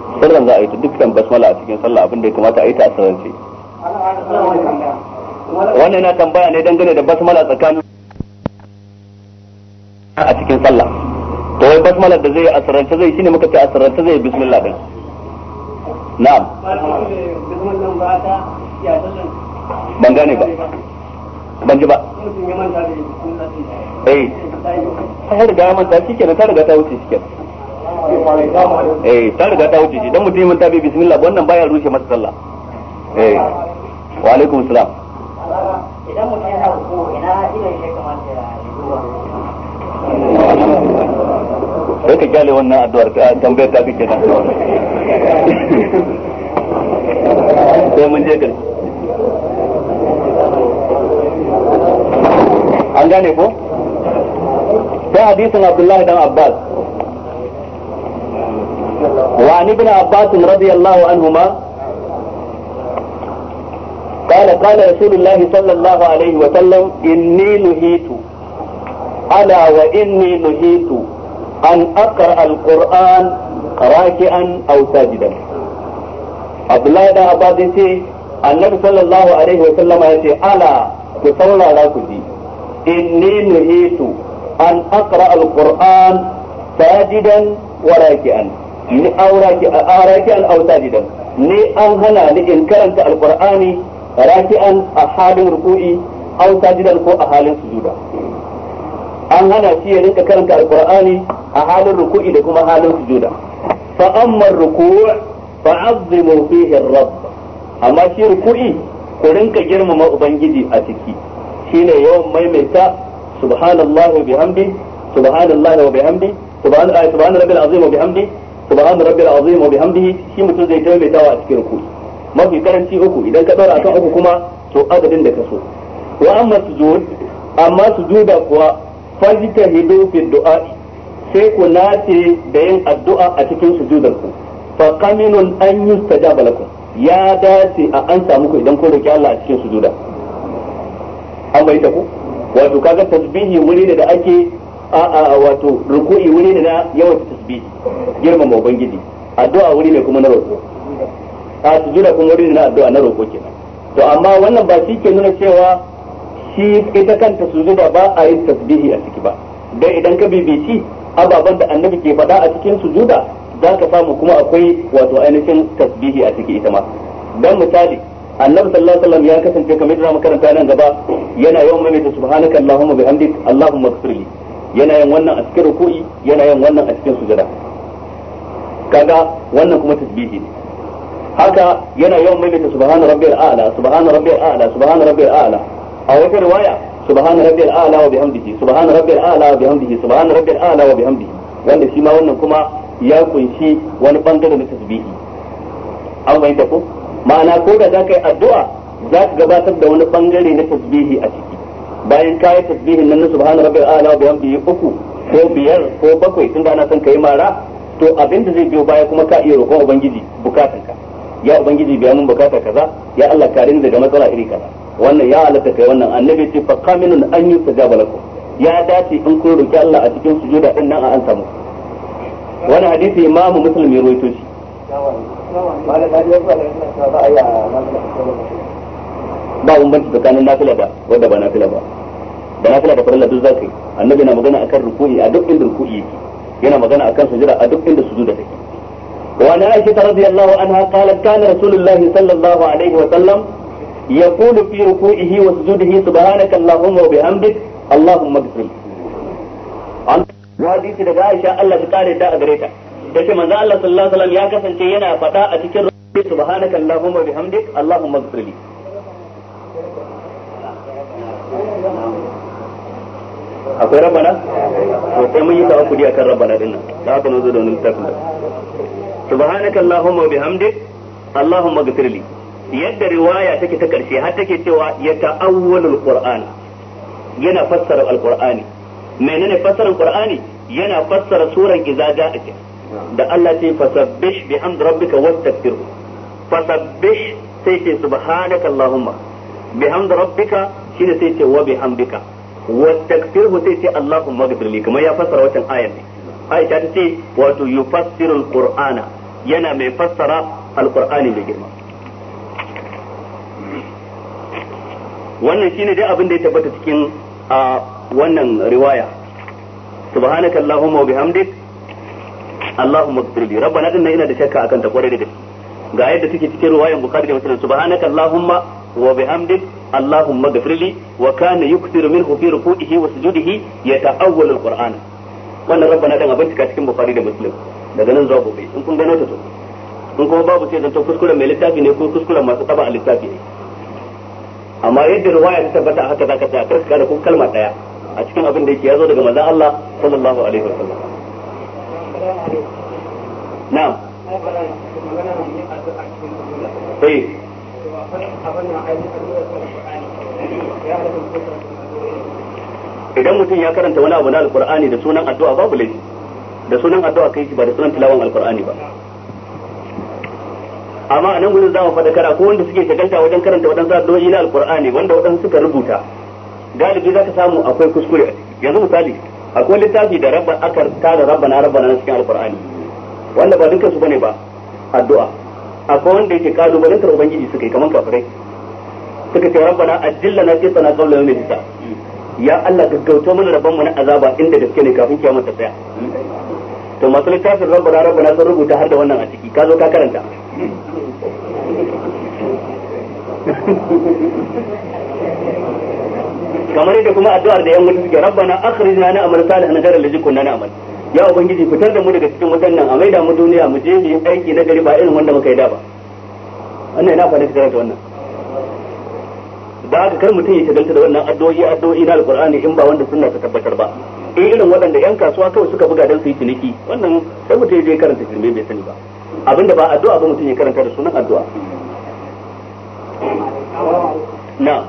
Speaker 1: sallan za a yi ta dukkan basmala a cikin sallah abinda da ya kamata a yi ta a wannan yana tambaya ne dangane da basmala tsakanin a cikin sallah to wai basmala da zai asarance zai shine muka ce asarance zai bismillah din na'am ban gane ba ban ji ba eh ta riga ya manta shikenan ta riga ta wuce shikenan eh ta riga ta wuce shi dan mutum bismillah wannan baya rushe masa sallah eh wa alaikum salam
Speaker 2: idan mutum ko ina shi ya
Speaker 1: sai ka wannan addu'ar ka tambayar sai mun je gari an gane ko sai hadisin abdullahi dan abbas وعن ابن عباس رضي الله عنهما قال قال رسول الله صلى الله عليه وسلم إني نهيت ألا وإني نهيت أن أقرأ القرآن راكعا أو ساجدا عبد الله بن عباس النبي صلى الله عليه وسلم يقول ألا تصلى راكدي إني نهيت أن أقرأ القرآن ساجدا وراكعا ni auraki al an autajidan ni an hana ni in karanta al alqur'ani raki'an a halin ruku'i autajidan ko a halin sujuda an hana shi ya rinka karanta al alqur'ani a halin ruku'i da kuma halin sujuda fa amma ruku' fa azzimu fihi rabb amma shi ruku'i ku rinka girmama ubangiji a ciki shine yawan maimaita subhanallahi bihamdi subhanallahi wa bihamdi subhanallahi subhanallahi azim wa bihamdi subhana rabbil azim wa bihamdihi shi mutum zai taimaitawa a cikin mafi karanci uku idan ka daura akan uku kuma to adadin da kaso so wa amma sujud amma sujuda kuwa hidu fi du'a sai ku nace da yin addu'a a cikin sujudar ku fa qaminun an yustajaba lakum ya dace a an samu ku idan ku roki Allah a cikin sujuda an bai ku wato kaga tasbihi wuri ne da ake a wato ruku'i wuri ne na yawan tasbih girmama ubangiji addu'a wuri ne kuma na roƙo a sujuda kuma wuri ne na addu'a na roƙo kenan to amma wannan ba shi ke nuna cewa shi ita kanta sujuda ba a yin tasbihi a ciki ba dan idan ka bibici ababan da annabi ke faɗa a cikin sujuda za ka samu kuma akwai wato ainihin tasbihi a ciki ita ma dan misali annabi sallallahu alaihi wasallam ya kasance kamar da makaranta nan gaba yana yawan maimaita subhanaka allahumma bihamdik allahumma ighfirli yana yin wannan a cikin ruku'i yana yin wannan a cikin sujada kaga wannan kuma tasbihi ne haka yana yawan maimaita subhana rabbiyal a'la subhana rabbiyal a'la subhana rabbiyal a'la a wata riwaya subhana rabbiyal a'la wa bihamdihi subhana rabbiyal a'la wa bihamdihi subhana rabbiyal a'la wa bihamdihi wanda shi ma wannan kuma ya kunshi wani bangare na tasbihi an bayyana ko ma'ana ko da zaka yi addu'a zaka gabatar da wani bangare na tasbihi a ciki bayan ka yi tasbihin nan na subhana rabbil a'la wa bihamdi uku ko biyar ko bakwai tun da ana son kai mara to abin da zai biyo baya kuma ka iya roƙon ubangiji ka ya ubangiji biya mun bukata kaza ya Allah kare ni daga matsala iri kaza wannan ya halatta kai wannan annabi ce fa qaminun an yusajaba lakum ya dace in kun roki Allah a cikin sujuda din nan a an samu wannan hadisi imamu muslim ya rawaito shi ba bambanci tsakanin nafila da wanda ba nafila ba da nafila da farilla duk yi annabi na magana akan rukuni a duk inda rukuni yake yana magana akan sujada a duk inda sujuda take وعن عائشة رضي الله عنها قالت كان رسول الله صلى الله عليه وسلم يقول في ركوعه وسجوده سبحانك اللهم وبحمدك اللهم اغفر وحديث daga Aisha Allah ta kare da a gare ta yace manzo Allah sallallahu alaihi ya kasance yana fada a cikin subhanaka allahumma bihamdik allahumma akwai rabana to sai mun yi ta akudi akan rabana din nan da haka mun zo da wannan littafin da subhanaka allahumma bihamdik allahumma gfirli yadda riwaya take ta karshe har take cewa ya ta'awwalul qur'an yana fassara alqur'ani menene fassarar qur'ani yana fassara suran iza ja'aka da Allah ce fasabbish bihamd rabbika wastaghfir fasabbish sai ce subhanaka allahumma bihamd rabbika shine sai ce wa bihamdika wa takfirhu sai ce Allahumma ghfirli kamar ya fassara wannan ayar ne Aisha ta ce wato yufassiru qur'ana yana mai fassara alqur'ani mai girma wannan shine dai abin da ya tabbata cikin a wannan riwaya subhanaka allahumma wa bihamdik allahumma ghfirli rabbana dinna ina da shakka akan ta da gaske ga yadda take cikin riwayan bukhari da muslim subhanaka allahumma wa bihamdik allahumma ghfirli wa kana yukthiru minhu fi ruku'ihi wa sujudihi yata'awwal alquran wannan rabbana dan abin cika cikin bukhari da muslim daga nan zuwa gobe in kun gano ta to in kuma babu sai zanto kuskuren mai littafi ne ko kuskuren masu taba a littafi ne amma yadda riwaya ta tabbata haka zaka a karka da ko kalma daya a cikin abin da yake yazo daga manzon Allah sallallahu alaihi wasallam na'am eh idan mutum ya karanta wani abu na alkur'ani da sunan addu'a babu laifi da sunan addu'a kai shi ba da sunan tilawan alkur'ani ba amma a nan gudun zamu faɗa kara ko wanda suke shagalta wajen karanta waɗansu addu'o'i na alkur'ani wanda waɗansu suka rubuta galibi za ka samu akwai kuskure yanzu misali akwai littafi da rabba aka tara na rabba na cikin alkur'ani wanda ba dukkan su ba ne ba addu'a akwai wanda yake kalu ba kalubalantar ubangiji suka yi kamar kafirai suka ce ajilla na ajillana qitana qawla yawmin hisab ya Allah gaggauto mana rabban mu na azaba inda gaske ne kafin kiyama ta tsaya to masu littafin rabbana rabbana sun rubuta har da wannan a ciki ka zo ka karanta kamar yadda kuma addu'ar da yan mutu suke rabbana akhrijna na amal salihan gara laji kunna na amal ya ubangiji fitar da mu daga cikin wutan nan a maida mu duniya mu je mu yi aiki na gari ba irin wanda muka yi da ba wannan yana faɗa da wannan da aka kar mutum ya shagalta da wannan addu'o'i addu'o'i na alqur'ani in ba wanda sunna ta tabbatar ba in irin waɗanda yan kasuwa kawai suka buga dan su yi ciniki wannan sai mutum ya je karanta shirme bai sani ba abinda ba addu'a ba mutum ya karanta da sunan addu'a na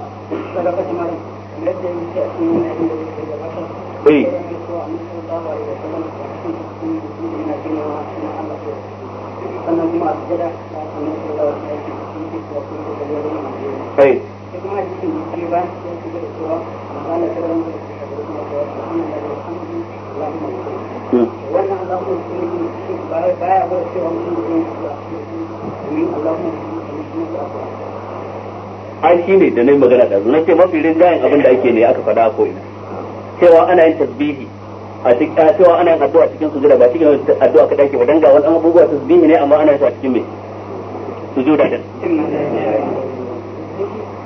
Speaker 1: eh aiki ne da na yi magana da na ce mafi rinjayen abin da ake ne aka faɗa ko ina. cewa ana yin tasbihi a cikin a cewa ana yin addu'a cikin sujuda ba cikin addu'a kadai ke ba dan ga wannan abubuwa tasbihi ne amma ana yin a cikin me sujuda din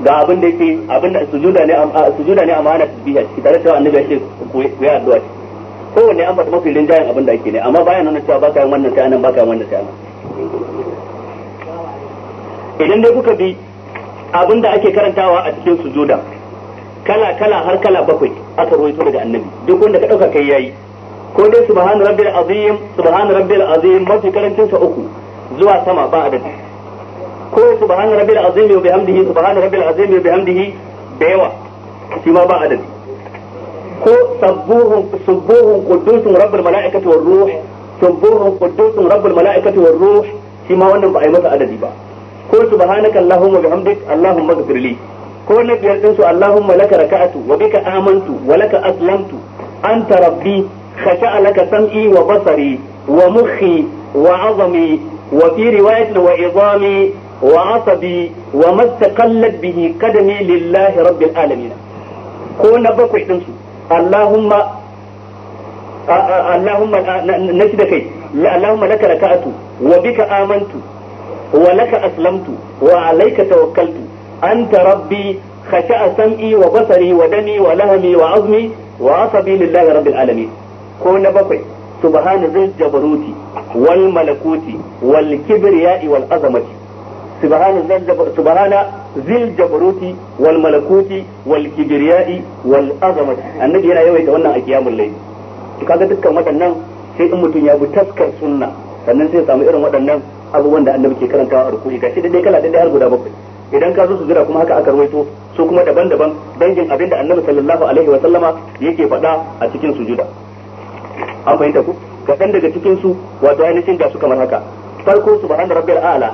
Speaker 1: ga abin da yake abin da sujuda ne sujuda ne amma ana tasbihi a ciki tare da annabi ya ce ku yi addu'a kowanne an faɗi mafi rinjayen abin da ake ne amma bayan nuna cewa baka yin wannan sai anan baka yin wannan sai anan idan dai kuka bi abin da ake karantawa a cikin sujuda kala kala har kala bakwai aka ruwaito daga annabi duk wanda ka dauka kai yayi ko dai subhana rabbil azim subhana rabbil azim mafi karancin sa uku zuwa sama ba adadi ko subhana rabbil azim wa bihamdihi subhana rabbil azim wa bihamdihi da yawa shi ma ba adadi ko sabbuhu subbuhun quddusun rabbul malaikati war ruh subbuhun quddusun rabbul malaikati war ruh shi ma wannan ba a yi masa adadi ba ko subhanaka allahumma bihamdik allahumma ighfirli ko na biyar din su Allahumma laka raka'atu wa bika amantu wa laka aslamtu anta rabbi khasha'a laka sam'i wa basari wa mukhi wa 'azami wa fi riwayatin wa izami wa 'asabi wa mastaqallat bihi qadami lillahi rabbil alamin ko na bakwai din su Allahumma اللهم نجد كي اللهم لك ركعت وبك آمنت ولك wa وعليك توكلت anta rabbi khasha'a sam'i wa basari wa وعظمي wa لله wa العالمين wa asabi سبحان ذي alamin ko na bakwai سبحان zil jabaruti wal malakuti wal kibriyai wal azamati subhana zil subhana wal malakuti wal kibriyai wal azamati annabi yana yawaita wannan a dukkan waɗannan sai in mutum ya bi sunna sannan sai samu irin waɗannan abubuwan da annabi ke karantawa a ruku'i gashi dai kala dai har guda bakwai idan ka zo su jira kuma haka aka rawaito su kuma daban-daban dangin abin da annabi sallallahu alaihi wa sallama yake faɗa a cikin sujuda an fahimta ku kaɗan daga cikin su wato ainihin ga su kamar haka farko subhana rabbil a'la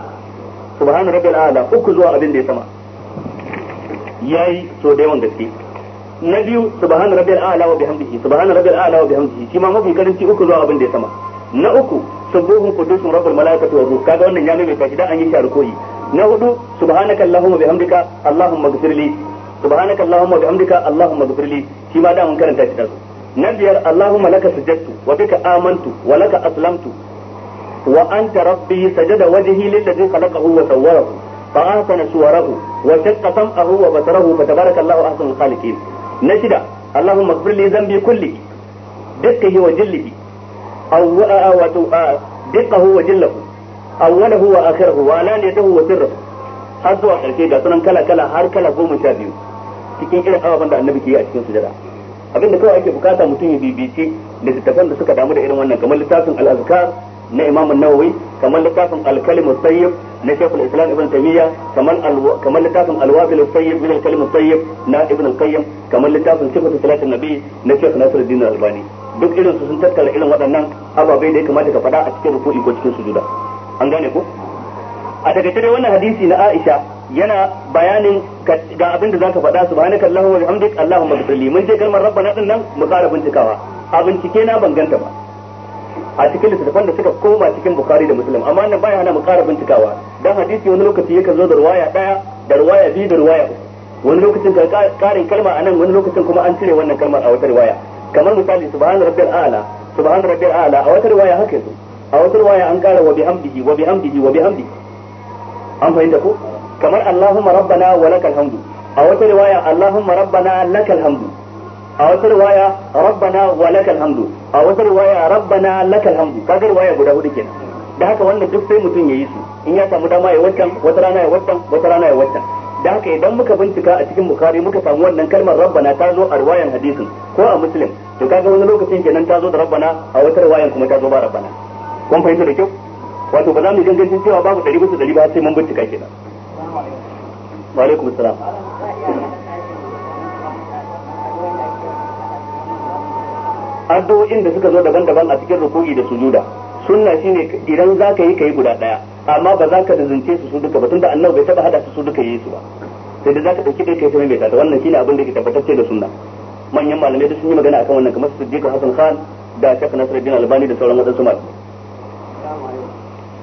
Speaker 1: subhana rabbil a'la uku zuwa abin da ya sama yayi so da yawan gaske na biyu subhana rabbil a'la wa bihamdihi subhana rabbil a'la wa bihamdihi shi ma mafi karanci uku zuwa abin da ya sama na uku subuhun qudusun rabbul malaikatu wa ruh kaga wannan ya nuna kashi da an yi shi koyi na hudu subhanaka allahumma bihamdika allahumma ghfirli subhanaka allahumma bihamdika allahumma ghfirli shi ma da mun karanta shi dazu na biyar allahumma laka sajadtu wa bika amantu wa laka aslamtu wa anta rabbi sajada wajhi lilladhi khalaqahu wa sawwarahu fa ahsana suwarahu wa shaqqa sam'ahu wa basarahu fa allahu ahsanul khaliqin na shida allahumma ghfirli dhanbi kulli dukkahi wa jillihi aw wato dukkahu wa jillahu awwalahu wa akhirahu wa alaniyatahu wa sirruhu har zuwa karshe ga sunan kala kala har kala goma sha biyu cikin irin ababen da annabi ke yi a cikin sujada abin da kawai ake bukata mutum ya bibice littattafan da suka damu da irin wannan kamar littafin al-azkar na Imam An-Nawawi kamar littafin al-kalim tayyib na Sheikh islam Ibn tamiya kamar kamar littafin al-wabil tayyib min al-kalim tayyib na Ibn al-Qayyim kamar littafin sifatu salatin nabi na Sheikh Nasiruddin Albani duk irin su sun tattara irin waɗannan ababai da ya kamata ka faɗa a cikin ruku'i ko cikin sujuda an gane ko a daga tare wannan hadisi na Aisha yana bayanin ga abin da zaka faɗa subhanaka allahumma wa bihamdik allahumma salli mun je kalmar rabbana din nan mu ƙara bincikawa a bincike na ban ganta ba a cikin littattafan da suka koma cikin bukari da muslim amma nan baya hana mu ƙara bincikawa dan hadisi wani lokaci yakan zo da ruwaya daya da ruwaya biyu da ruwaya uku wani lokacin ka karin kalma a nan wani lokacin kuma an cire wannan kalmar a wata riwaya kamar misali subhanar rabbil a'la subhanar rabbil a'la a wata riwaya haka yake a wasu ruwaya an kara wa bihamdihi wa bihamdihi wa bihamdihi an fahimta ko kamar Allahumma rabbana wa lakal hamdu a wata riwaya Allahumma rabbana lakal hamdu a wata riwaya rabbana wa lakal hamdu a wata riwaya rabbana lakal hamdu kaga riwaya guda hudu kenan da haka wannan duk sai mutum ya yi su in ya samu dama ya waccan wata rana ya waccan wata rana ya waccan da haka idan muka bincika a cikin bukari muka samu wannan kalmar rabbana ta zo a riwayan hadisin ko a muslim to kaga wani lokacin kenan ta zo da rabbana a wata riwayan kuma ta zo ba rabbana kun fahimta da kyau wato ba za mu gangancin cewa babu ɗari bisa ɗari ba sai mun bincika kenan wa alaikum salam addu'o'in da suka zo daban-daban a cikin ruku'i da sujuda sunna shine idan za ka yi ka yi guda ɗaya amma ba za ka zance su su duka ba tunda annabi bai taba hada su su duka yi su ba sai da za ka ɗauki ɗaya kai kuma mai wannan shine abin da ke tabbatacce da sunna manyan malamai da sun yi magana akan wannan kamar su Siddiq Hassan Khan da Sheikh Nasiruddin Albani da sauran waɗansu malamai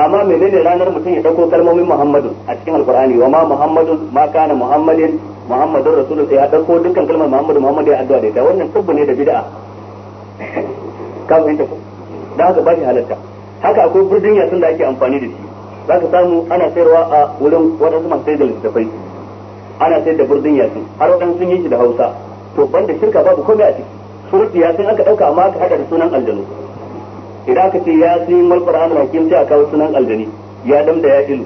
Speaker 1: amma menene ranar mutum ya dauko kalmomin muhammadun a cikin alqur'ani wa ma muhammadun ma kana muhammadin muhammadur Rasulu sai ya dauko dukkan kalmar muhammadu muhammadu ya addu'a da ita wannan kubbu ne da bid'a ka fahimta ko da haka ba shi halatta haka akwai burdin yasin da ake amfani da shi za ka samu ana sayarwa a wurin waɗansu masu sayar da littafai ana sayar da ya yasin har waɗansu sun yi shi da hausa to banda shirka babu komai a ciki ya yasin aka ɗauka amma aka haɗa da sunan aljanu idan aka ce ya sun mal qur'an hakim sai a kawo sunan aljani ya damda ya ilu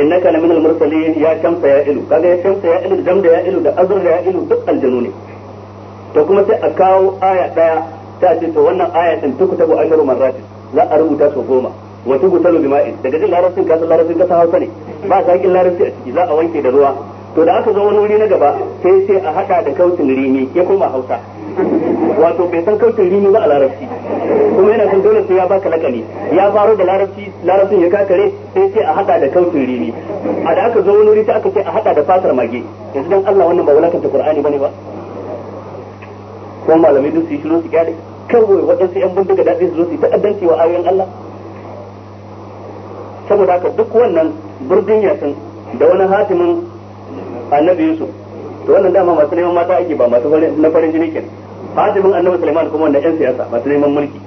Speaker 1: innaka la minal mursalin ya shamsa ya ilu kaga ya shamsa ya ilu da damda ya ilu da azr ya ilu duk aljanu ne to kuma sai a kawo aya daya ta ce to wannan aya din tuku tabu asharu marratin za a rubuta su goma wa tuku talu in daga jin larabcin ka san larabcin ka hausa ne ba sakin larabci a ciki za a wanke da ruwa to da aka zo wani wuri na gaba sai sai a hada da kautin rimi ya koma hausa wato bai san kaucin rini ba a larabci kuma yana san dole sai ya baka lakali ya faro da larabci larabcin ya kakare sai sai a hada da kautin rini a da aka zo wani rita aka ce a hada da fatar mage yanzu dan Allah wannan ba wulakanta Qur'ani bane ba ko malamai duk su yi shiru su kyale kawai waɗansu 'yan bindiga daɗi su zo su ta'addanci wa ayoyin Allah saboda haka duk wannan burdin yasin da wani hatimin annabi Yusuf to wannan dama masu neman mata ake ba masu na farin jini kenan hadimin annabi Sulaiman kuma wanda yan siyasa masu neman mulki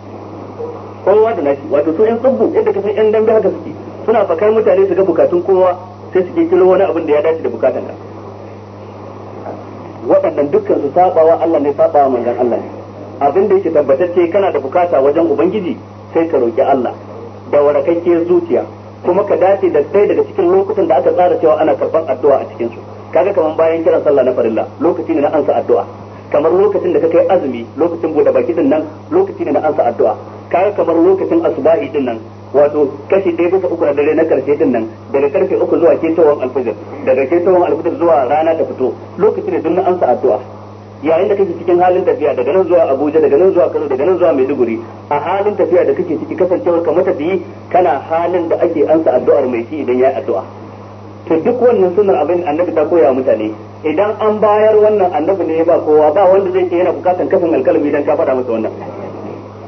Speaker 1: kowa da nashi wato su yan tsabbu yadda kasan yan dambe haka suke suna fakar mutane su ga bukatun kowa sai su kirkiro wani abin da ya dace da bukatan ka waɗannan dukkan su sabawa Allah ne sabawa manzon Allah ne abin da yake tabbatacce kana da bukata wajen ubangiji sai ka roki Allah da warakakke zuciya kuma ka dace da sai daga cikin lokutan da aka tsara cewa ana karban addu'a a cikin su kaga kaman bayan kiran sallah na farilla lokaci ne na ansa addu'a kamar lokacin da ka kai azumi lokacin bude baki din nan lokaci ne na ansa addu'a kai kamar lokacin asubahi din nan wato kashi ɗaya bisa uku na dare na karshe din nan daga karfe uku zuwa ketowar alfajir daga ketowar alfajir zuwa rana ta fito lokaci ne na ansa addu'a yayin da kake cikin halin tafiya daga nan zuwa Abuja daga nan zuwa Kano daga nan zuwa Maiduguri a halin tafiya da kake ciki kasancewar ka matafiyi kana halin da ake ansa addu'ar mai shi idan ya addu'a to duk wannan sunan abin annabi ta koya mutane idan an bayar wannan annabi ne ba kowa ba wanda zai ce yana bukatan kafin alkalami idan ka faɗa masa wannan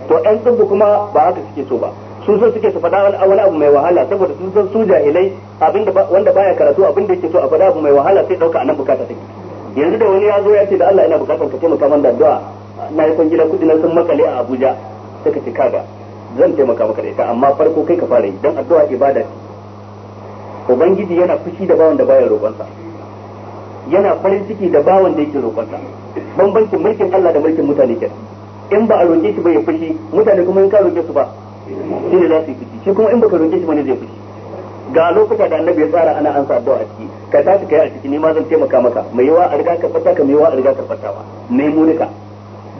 Speaker 1: to ɗan tsibbu kuma ba haka suke so ba su so suke su faɗa wani abu mai wahala saboda sun san su jahilai abinda wanda baya karatu abinda yake so a faɗa abu mai wahala sai ɗauka annabi bukata take yanzu da wani ya zo ya ce da Allah ina bukatan ka taimaka man da addu'a na yi son gida kudi na sun makale a Abuja sai ka ce kaga zan taimaka maka da ita amma farko kai ka fara yi dan addu'a ibada ce ubangiji yana fushi da bawan da baya roƙonsa yana farin ciki da bawan da yake roƙonsa bambancin mulkin Allah da mulkin mutane ke in ba a roƙe shi ba ya fushi mutane kuma in ka roƙe su ba shi ne za su yi fushi shi kuma in baka roƙe shi ba ne zai fushi ga lokuta da annabi ya tsara ana ansa addu'a a ciki ka tashi kai a ciki ni ma zan taimaka maka mai yawa a riga ka fata ka mai yawa a riga ka fata ba mai munika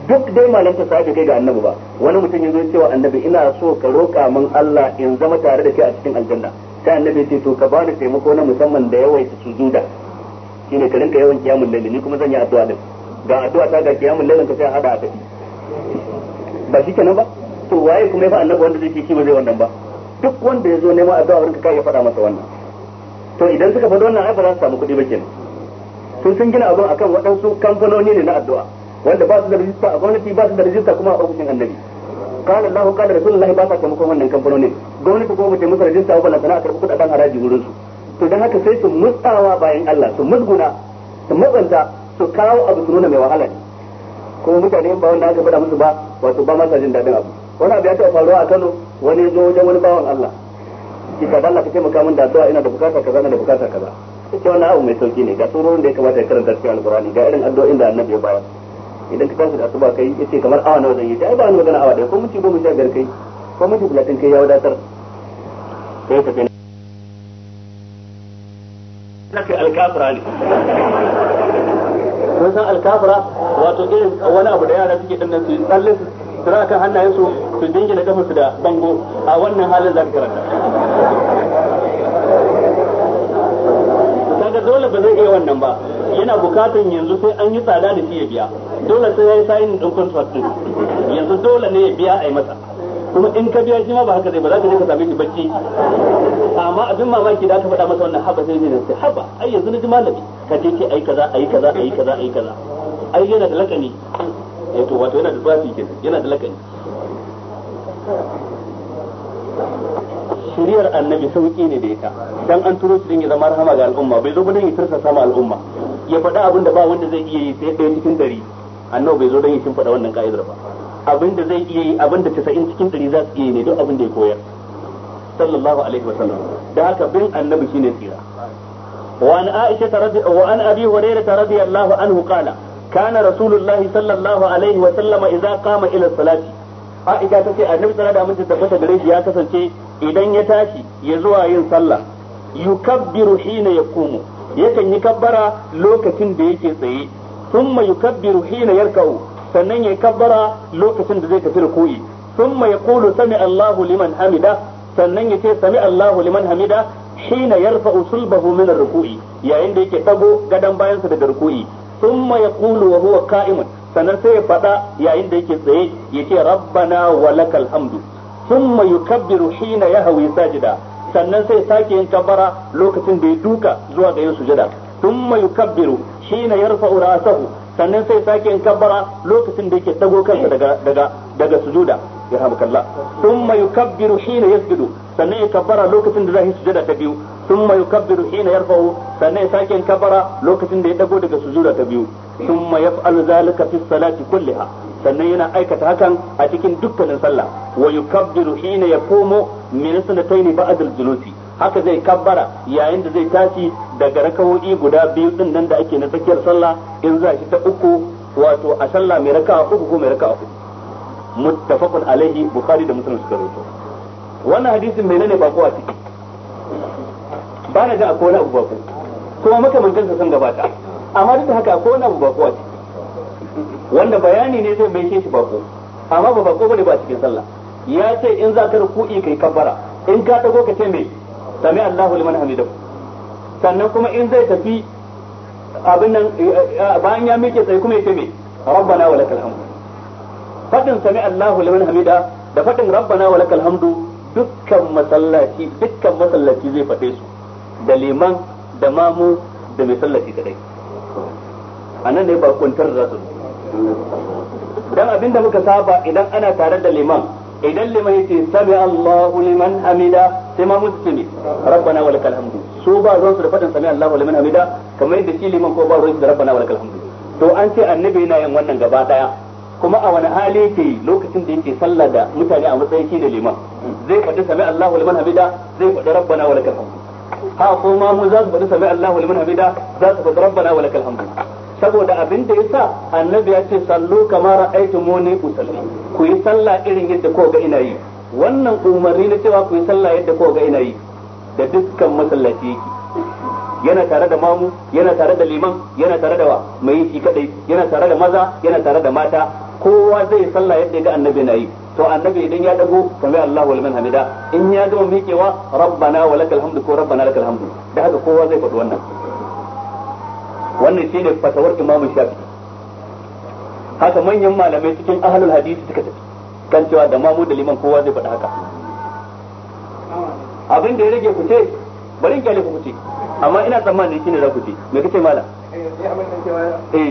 Speaker 1: duk dai malanta sa kai ga annabi ba wani mutum ya zo cewa annabi ina so ka roƙa min Allah in zama tare da kai a cikin aljanna sai annabi ya ce to ka bani taimako na musamman da yawaita zuda shine ka rinka yawan kiyamul lalle ni kuma zan yi addu'a din ga addu'a ta ga kiyamul lalle ka sai a hada a tafi ba shi kenan ba to waye kuma ya fa annabi wanda zai ce shi ba zai wannan ba duk wanda ya zo neman addu'a wurin ka kai ya fada masa wannan to idan suka fada wannan ai ba za su samu kuɗi ba kenan sun sun gina abin akan waɗansu kamfanoni ne na addu'a wanda ba su da rijista a gwamnati ba su da rijista kuma a ofishin annabi قال الله قال رسول الله ba sa kuma wannan kamfanonin gwamnati ko ba ta musu rajista ba lantana a karɓi kuɗaɗen haraji wurin su to dan haka sai su mutsawa bayan Allah su musguna su matsanta su kawo abu su nuna mai wahala ne kuma mutane ba wanda aka faɗa musu ba wato ba masajin jin daɗin abu wani abu ya taɓa faruwa a Kano wani ya zo wajen wani bawan Allah ki ka balla ka taimaka min da addu'a ina da bukata kaza ina da bukata kaza ita wannan abu mai sauki ne ga tsoron da ya kamata ya karanta cikin alqur'ani ga irin addu'o'in da annabi ya bayar idan ka tashi da asuba kai yace kamar awa nawa zan yi dai ba ni magana awa ɗaya ko ba goma sha biyar kai ko minti talatin kai ya wadatar sai ka kai kai alkafira ne kun san alkafira wato irin wani abu da yara suke dinnan su tsalle su tsira kan hannayen su su dingina kafin su da bango a wannan halin za ka karanta kaga dole ba zai iya wannan ba yana bukatan yanzu sai an yi tsada da shi ya biya dole sai ya yi sayin din contract yanzu dole ne ya biya a yi masa kuma in ka biya shi ma ba haka zai ba za ka je ka same shi bacci amma abin mamaki da aka faɗa masa wannan haba sai ne sai haba ai yanzu na ji malami ka je ce ai kaza ai kaza ai kaza ai kaza ai yana da lakani eh to wato yana da tsafi ke yana da lakani shiriyar annabi sauki ne da ita dan an turo shi din ya zama rahama ga al'umma bai zo ba dan ya tursa sama al'umma ya faɗa abin da ba wanda zai iya yi sai ɗaya cikin dari annabi bai zo dan ya shimfiɗa wannan ka'idar ba abin da zai iya yi abin da 90 cikin ɗari za su iya yi ne duk abin da ya koyar sallallahu alaihi wa sallam. da haka bin annabi shine tsira وعن عائشة رضي وعن أبي هريرة رضي الله عنه anhu كان Kana rasulullahi sallallahu alaihi wa sallama. idza kama ila salati. Aisha ta ce annabi sallallahu alaihi wasallam da gare shi ya kasance idan ya tashi ya zuwa yin sallah yukabbiru hina yakumu yakan yi kabbara lokacin da yake tsaye thumma yukabbiru hina yarka'u sannan ya kabbara lokacin da zai tafi ruku'i thumma kulu sami Allahu liman hamida sannan ya ce sami Allahu liman hamida hina yarfa'u sulbahu min ruku'i yayin da yake tago gadan bayansa daga ruku'i thumma yaqulu wa huwa qa'imun sannan sai ya faɗa yayin da yake tsaye ya ce rabbana walakal hamdu thumma yukabbiru ya yahwi sajida sannan sai sake yin kabbara lokacin da ya duka zuwa ga yin sujada thumma yukabbiru hina yarfa'u ra'sahu sannan sai sake in kabbara lokacin da yake dago kansa daga daga daga sujuda ya hamkalla thumma yukabbiru hina yasjudu sannan ya kabbara lokacin da zai sujuda ta biyu thumma yukabbiru hina yarfa'u sannan ya sake in kabbara lokacin da ya dago daga sujuda ta biyu thumma yaf'alu zalika fi salati kulliha sannan yana aikata hakan a cikin dukkanin sallah wa yukabbiru hina yaqumu min sunataini ba'd al-julusi haka zai kabbara yayin da zai tashi daga rakawoyi guda biyu din nan da ake na tsakiyar sallah in za shi ta uku wato a sallah mai raka'a uku ko mai raka'a uku muttafaqun alaihi bukhari da muslim suka rawaito wannan hadisin menene ba ko a ciki ba na ga akwai wani abu ba ko kuma mun gansa san gabata amma duk da haka akwai wani abu ba ko a ciki wanda bayani ne zai mai shi bako amma ba bako bane ba a cikin sallah ya ce in za ka ruku'i kai kabbara in ka dago ka ce me sami Allahu liman hamida sannan kuma in zai tafi abin nan eh, eh, bayan ya miƙe sai kuma yake me rabbana wa lakal fadin sami Allahu liman hamida da fadin rabbana wa lakal hamdu dukkan masallaci dukkan masallaci zai fade su da liman da mamu da mai sallaci kadai anan ne ba kwantar da su dan abinda muka saba idan ana tare da liman idan liman yace sami Allahu liman hamida sai ma musulmi rabbana wa lakal hamdu su ba ruwan su da fadin sami Allahu liman hamida kamar yadda shi liman ko ba ruwan su da rabbana wa lakal hamdu to an ce annabi yana yin wannan gaba daya kuma a wani hali yake lokacin da yake sallah da mutane a matsayin shi da liman zai faɗi sami Allahu liman hamida zai faɗi rabbana wa lakal hamdu ha ko ma mu za su faɗi sami Allahu liman hamida za su faɗi rabbana wa lakal hamdu saboda abin da yasa annabi ya ce sallu kama muni usalli ku yi sallah irin yadda ko ga ina yi wannan umarni na cewa ku yi sallah yadda ko ga ina yi da dukkan masallaci yake yana tare da mamu yana tare da liman yana tare da mai shi kadai yana tare da maza yana tare da mata kowa zai sallah yadda ga annabi na yi to annabi idan ya dago kamar Allahu liman hamida in ya gama miƙewa rabbana walakal hamdu ko rabbana lakal hamdu da haka kowa zai faɗi wannan wannan shi ne fatawar imamu shafi haka manyan malamai cikin ahalul hadisi suka tafi kan cewa da mamu da liman kowa zai faɗa haka abin da ya rage ku ce bari in kyale ku ce amma ina tsammanin ne za ku ce me kace mala
Speaker 2: eh, eh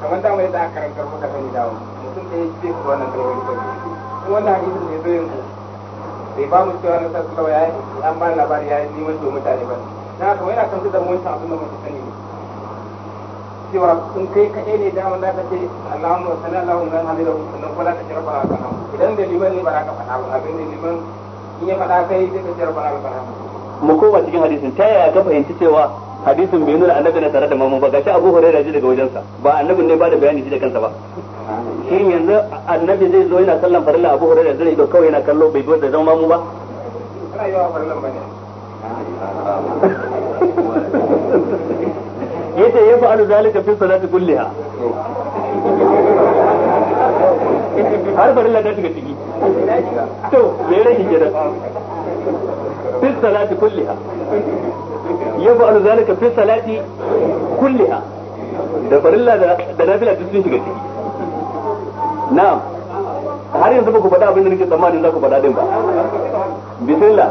Speaker 2: kamar da mai da karantar kuka sani dawo mutum da ya ce ku wannan kalmomi ko wannan hadisin ne zai bai ba mu cewa na sallallahu ya an ba labari ya yi neman mutane ba na kamar yana kan da ta abin da mun sani cewa in kai kaɗai ne daman za ka ce Allahumma ala hamidahu sannan kuma da ka ce rabbana lakal idan da liman ne ba za ka faɗa ba abin da liman in ya kai zai ka fara
Speaker 1: mu koma cikin hadisin ta yaya ka fahimci cewa hadisin bai nuna annabi na tare da mamu ba gashi Abu Hurairah ji daga wajensa ba ne ba da bayani shi da kansa ba shin yanzu annabi zai zo yana sallan farilla Abu Hurairah zai ido kawai yana kallo bai da zama mamu ba
Speaker 2: kana yawa farillan bane
Speaker 1: yace ya fa'alu zalika fi salati kulliha har la ta shiga ciki to me rage kenan fi salati kulliha ya fa'alu zalika fi salati kulliha da farilla da da nafila duk sun shiga ciki na'am har yanzu ba ku faɗa abin da nake tsammanin za ku faɗa din ba bismillah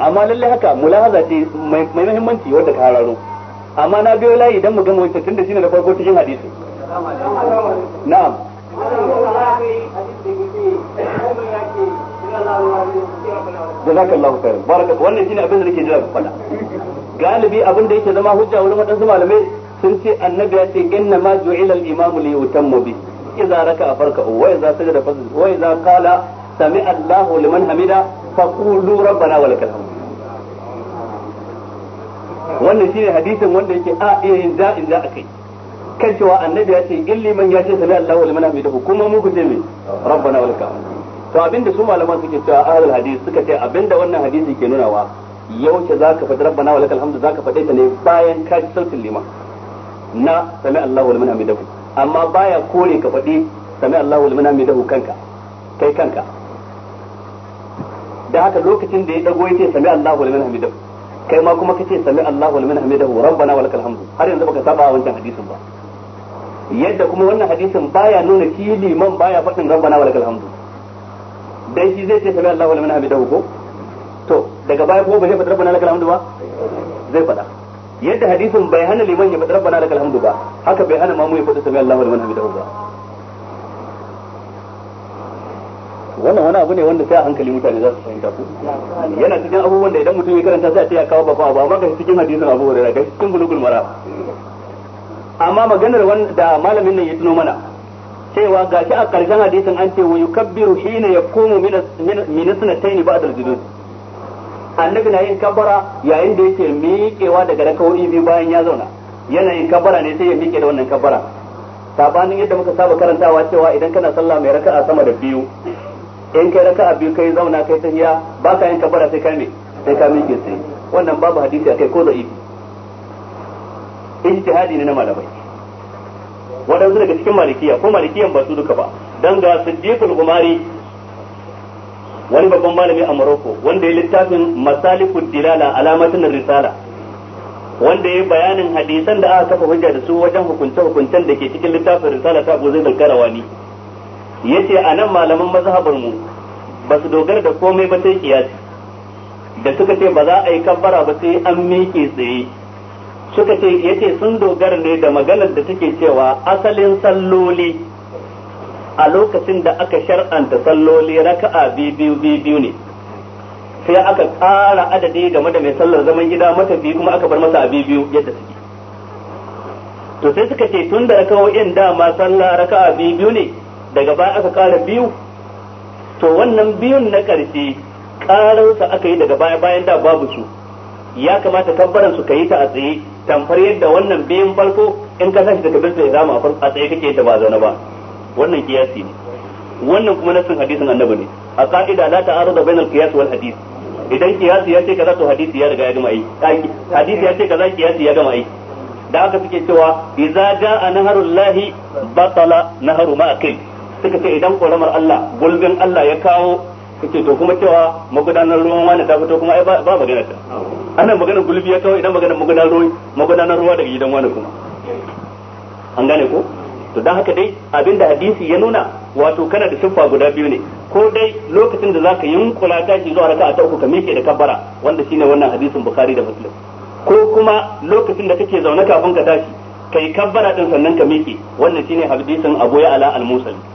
Speaker 1: amma lalle haka mulahaza ce mai muhimmanci wadda ka hararo amma na biyo layi idan mu gama wancan tunda shine da farko cikin hadisi na'am jazakallahu khairan baraka wannan shine abin da nake jira ku faɗa galibi abin da yake zama hujja wurin waɗansu malamai sun ce annabi ya ce inna ma ju'ila al-imamu li yutamma bi idza raka'a farka'u wa idza sajada fasjud wa idza qala sami Allahu liman hamida faqulu rabbana wa lakal hamd wannan shine hadisin wanda yake a iya yin da in da kai kan cewa annabi ya ce illi man ya ce sami Allahu liman hamidahu kuma mu ku ce me rabbana wa lakal to abinda su malaman suke cewa ahlul hadis suka ce abinda wannan hadisi ke nunawa yaushe zaka faɗi rabbana wa alhamdu hamdu zaka faɗe ta ne bayan ka ci sautin liman na sami Allahu liman hamidahu amma baya kore ka faɗi sami Allahu liman hamidahu kanka kai kanka da haka lokacin da ya dago yace sami Allahu liman hamidahu kai ma kuma kace sami Allahu liman hamidahu rabbana walakal hamdu har yanzu baka saba wancan hadisin ba yadda kuma wannan hadisin baya nuna shi liman baya faɗin rabbana walakal hamdu dai shi zai ce sami Allahu liman hamidahu ko to daga baya kuma ba zai faɗi rabbana walakal hamdu ba zai faɗa yadda hadisin bai hana liman ya faɗi rabbana walakal hamdu ba haka bai hana mamu ya faɗi sami Allahu liman hamidahu ba wannan wani abu ne wanda sai a hankali mutane za su fahimta ko yana cikin abubuwan da idan mutum ya karanta sai a ce ya kawo babu abu amma ga cikin hadisin abu hurairah ga cikin bulugul mara amma maganar wanda malamin nan ya tuno mana cewa gashi a karshen hadisin an ce wa yukabbiru hina yakumu min min sunatayn ba'd al annabi na yin kabbara yayin da yake miƙewa daga rakawoyi biyu bayan ya zauna yana yin kabbara ne sai ya miƙe da wannan kabbara sabanin yadda muka saba karantawa cewa idan kana sallah mai raka'a sama da biyu in kai raka'a biyu kai zauna kai tahiya ba ka yin kabara sai kai me sai ka miƙe tsaye wannan babu hadisi akai ko da'ifi ijtihadi ne na malamai waɗansu daga cikin malikiya ko malikiyan ba su duka ba dan ga siddiqul umari wani babban malami a Morocco wanda ya littafin masalikud dilala alamatun risala wanda ya bayanin hadisan da aka kafa hujja da su wajen hukunce hukuncen da ke cikin littafin risala ta Abu Zaid al-Karawani yace nan malaman mazhabar mu ba su dogara da komai ba sai kiyasi da suka ce ba za a yi kabbara ba sai an miƙe tsaye suka ce yace sun dogara ne da maganar da take cewa asalin salloli a lokacin da aka shar'anta salloli raka'a biyu biyu biyu ne sai aka ƙara adadi game da mai sallar zaman gida biyu kuma aka bar masa abi biyu yadda suke to sai suka ce tun da rakawoyin dama sallah raka'a biyu ne daga baya aka ƙara biyu to wannan biyun na ƙarfi ƙararsa aka yi daga baya bayan da babu su ya kamata tabbaran su yi ta a tsaye tamfar yadda wannan biyun farko in ka tashi daga ya zama a tsaye kake yadda ba zaune ba wannan kiyasi ne wannan kuma nassin hadisin annabi ne a ka'ida la ta'arada bainal qiyas wal hadis idan kiyasi ya ce kaza to hadisi ya riga ya gama yi. hadisi ya ce kaza kiyasi ya gama yi. da haka suke cewa idza ja'a naharullahi batala naharu ma'akil suka ce idan ƙoramar Allah gulbin Allah ya kawo kace to kuma cewa magudanar ruwan wani ta fito kuma ai ba magana ta ana magana gulbi ya kawo idan magana magudanar ruwa magudanar ruwa daga gidan wani kuma an gane ko to dan haka dai abinda hadisi ya nuna wato kana da siffa guda biyu ne ko dai lokacin da zaka yunkula tashi zuwa raka'a ta uku ka miƙe da kabbara wanda shine wannan hadisin bukhari da muslim ko kuma lokacin da kake zaune kafin ka tashi kai kabbara din sannan ka miƙe wannan shine hadisin abu ya ala al-musali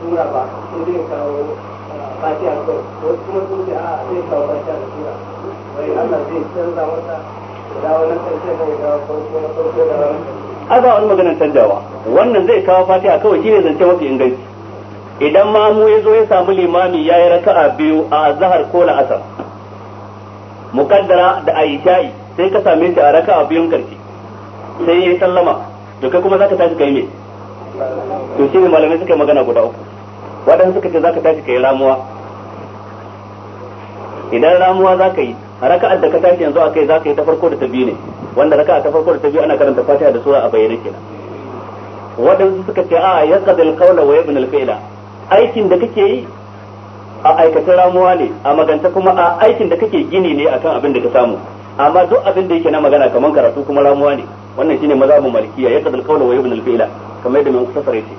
Speaker 2: sura ba sai eh, zai kawo a zai kawo fatiha a sura wai
Speaker 1: da ba wani canjawa wannan zai kawo fatiha kawai ne zance mafi inganci idan mamu ya zo ya samu limami ya yi raka'a biyu a zahar ko asar mukaddara da aisha'i sai ka same shi a raka'a biyun karshe sai ya yi sallama to kuma kuma zaka tashi kai me
Speaker 3: to
Speaker 1: shine malamai suka magana guda uku waɗansu suka ce ka tashi ka yi ramuwa idan ramuwa za ka yi raka'ar da ka tashi yanzu akai ka yi ta farko da ta biyu ne wanda raka'a ta farko da ta biyu ana karanta fatiha da sura a bayyane kenan waɗansu suka ce a yaqdil qawla wa yabnil fi'la aikin da kake yi a aikace ramuwa ne a maganta kuma a aikin da kake gini ne akan abin da ka samu amma duk abin da yake na magana kamar karatu kuma ramuwa ne wannan shine mazhabin malikiyya ya kadal qawla wa yabnul fi'la kamar da mun safar yace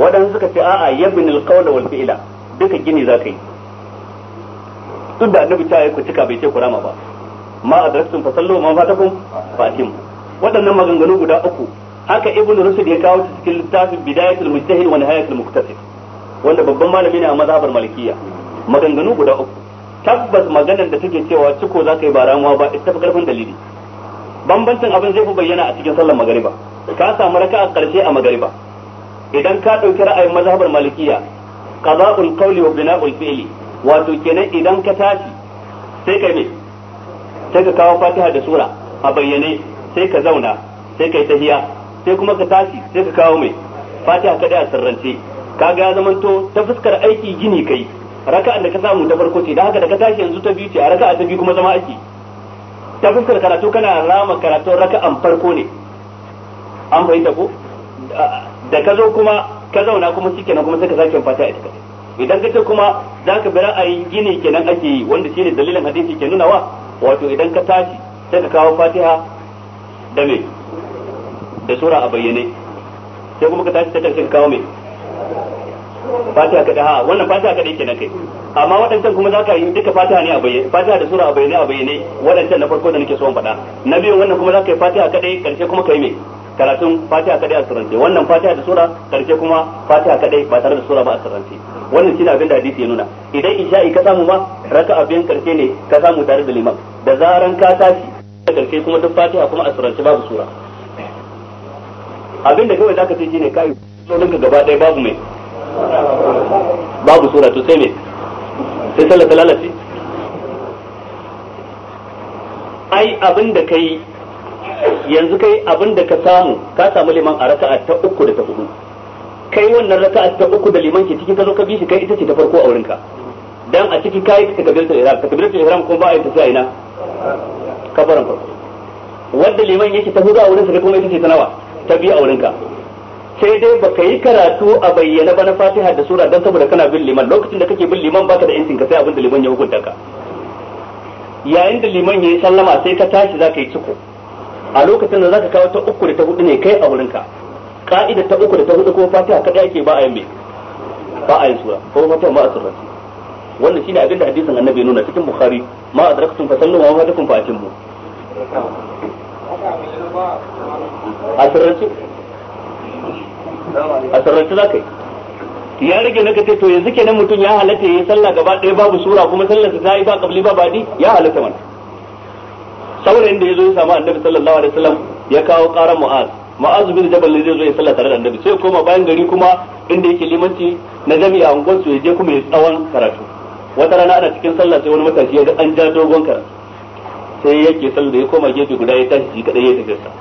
Speaker 1: waɗansu suka ce a'a yabin da wal fi'la duka gini ka yi duk da annabi ta yi ku cika bai ce ku rama ba ma a fa sallu ma fatakum fatim waɗannan maganganu guda uku haka ibnu rusul ya kawo cikin littafin bidayatul mujtahid wa nihayatul muktasib wanda babban malami ne a mazhabar malikiyya maganganu guda uku tabbas maganar da take cewa ciko ka yi ba ramuwa ba ita fa karfin dalili bambancin abin zai fi bayyana a cikin sallar magariba ka samu raka'a karshe a magariba idan ka dauki ra'ayin mazhabar malikiya qada'ul qawli wa bina'ul fi'li wato kenan idan ka tashi sai kai me sai ka kawo fatiha da sura a bayyane sai ka zauna sai kai tahiya sai kuma ka tashi sai ka kawo me fatiha kada a sirrance kaga ya zamanto ta fuskar aiki gini kai raka'an da ka samu ta farko ce da haka da ka tashi yanzu ta biyu ce a raka'a ta biyu kuma zama aiki ta fuskar karatu kana rama karatun raka'an farko ne an fahimta ko da ka zo kuma ka zauna kuma shi kenan kuma sai ka sake fata ita kadai idan ka ce kuma za ka bi ra'ayin gini kenan ake yi wanda shine dalilin hadisi ke nuna wa wato idan ka tashi sai ka kawo fatiha da me da sura a bayyane sai kuma ka tashi ta karshe ka kawo me fatiha ka ha wannan fatiha kada yake na kai amma waɗancan kuma za ka yi duka fatiha ne a bayyane fatiha da sura a bayyane a bayyane waɗancan na farko da nake so in faɗa na biyu wannan kuma za ka yi fatiha kaɗai ƙarshe kuma yi me karatun fatiha kadai a sirrance wannan fatiha da sura karshe kuma fatiha kadai ba tare da sura ba a sirrance wannan shine abin da hadisi ya nuna idan isha'i ka samu ma raka'a biyan karshe ne ka samu tare da liman da zaran ka tashi da karshe kuma duk fatiha kuma a sirrance babu sura abin da kawai zaka ce shine kai sunan ka gaba ɗaya babu mai babu sura to sai me sai sallah ta lalace ai abin da kai yanzu kai abin da ka samu ka samu liman a raka'a ta uku da ta hudu kai wannan raka'a ta uku da liman ke cikin ka zo ka bi shi kai ita ce ta farko a wurin ka. dan a cikin kai ta ihram ta ihram kuma ba a yi tafiya ina kabarin farko wanda liman yake ta hudu a wurin sa kuma ita ce ta nawa ta biyu a wurin ka. sai dai baka yi karatu a bayyana ba na Fatiha da sura dan saboda kana bin liman lokacin da kake bin liman baka da yancin ka sai abin da liman ya hukunta ka yayin da liman ya yi sallama sai ka tashi zaka yi ciko a lokacin da zaka kawo ta uku da ta hudu ne kai a wurinka ka'ida ta uku da ta hudu kuma fatiha kada yake ba a yin mai ba a yin sura ko fatiha ma a surrati wannan shine abin da hadisin annabi nuna cikin bukhari ma adraktum fa sallu wa ma fatakum fa atimmu a surrati a surrati zakai ya rage na kace to yanzu kenan mutum ya halatta yayin sallah gaba ɗaya babu sura kuma sallar ta yi ba kabli ba badi ya halatta mana saurayin da ya zo ya samu annabi sallallahu alaihi wasallam ya kawo karan mu'az mu'az bin jabal ne zai zo ya sallah tare da annabi sai koma bayan gari kuma inda yake limanci na a unguwar su ya je kuma ya tsawon karatu wata rana ana cikin sallah sai wani matashi ya ga an ja dogon karatu sai yake sallah ya koma gefe guda ya tashi kadai ya tafi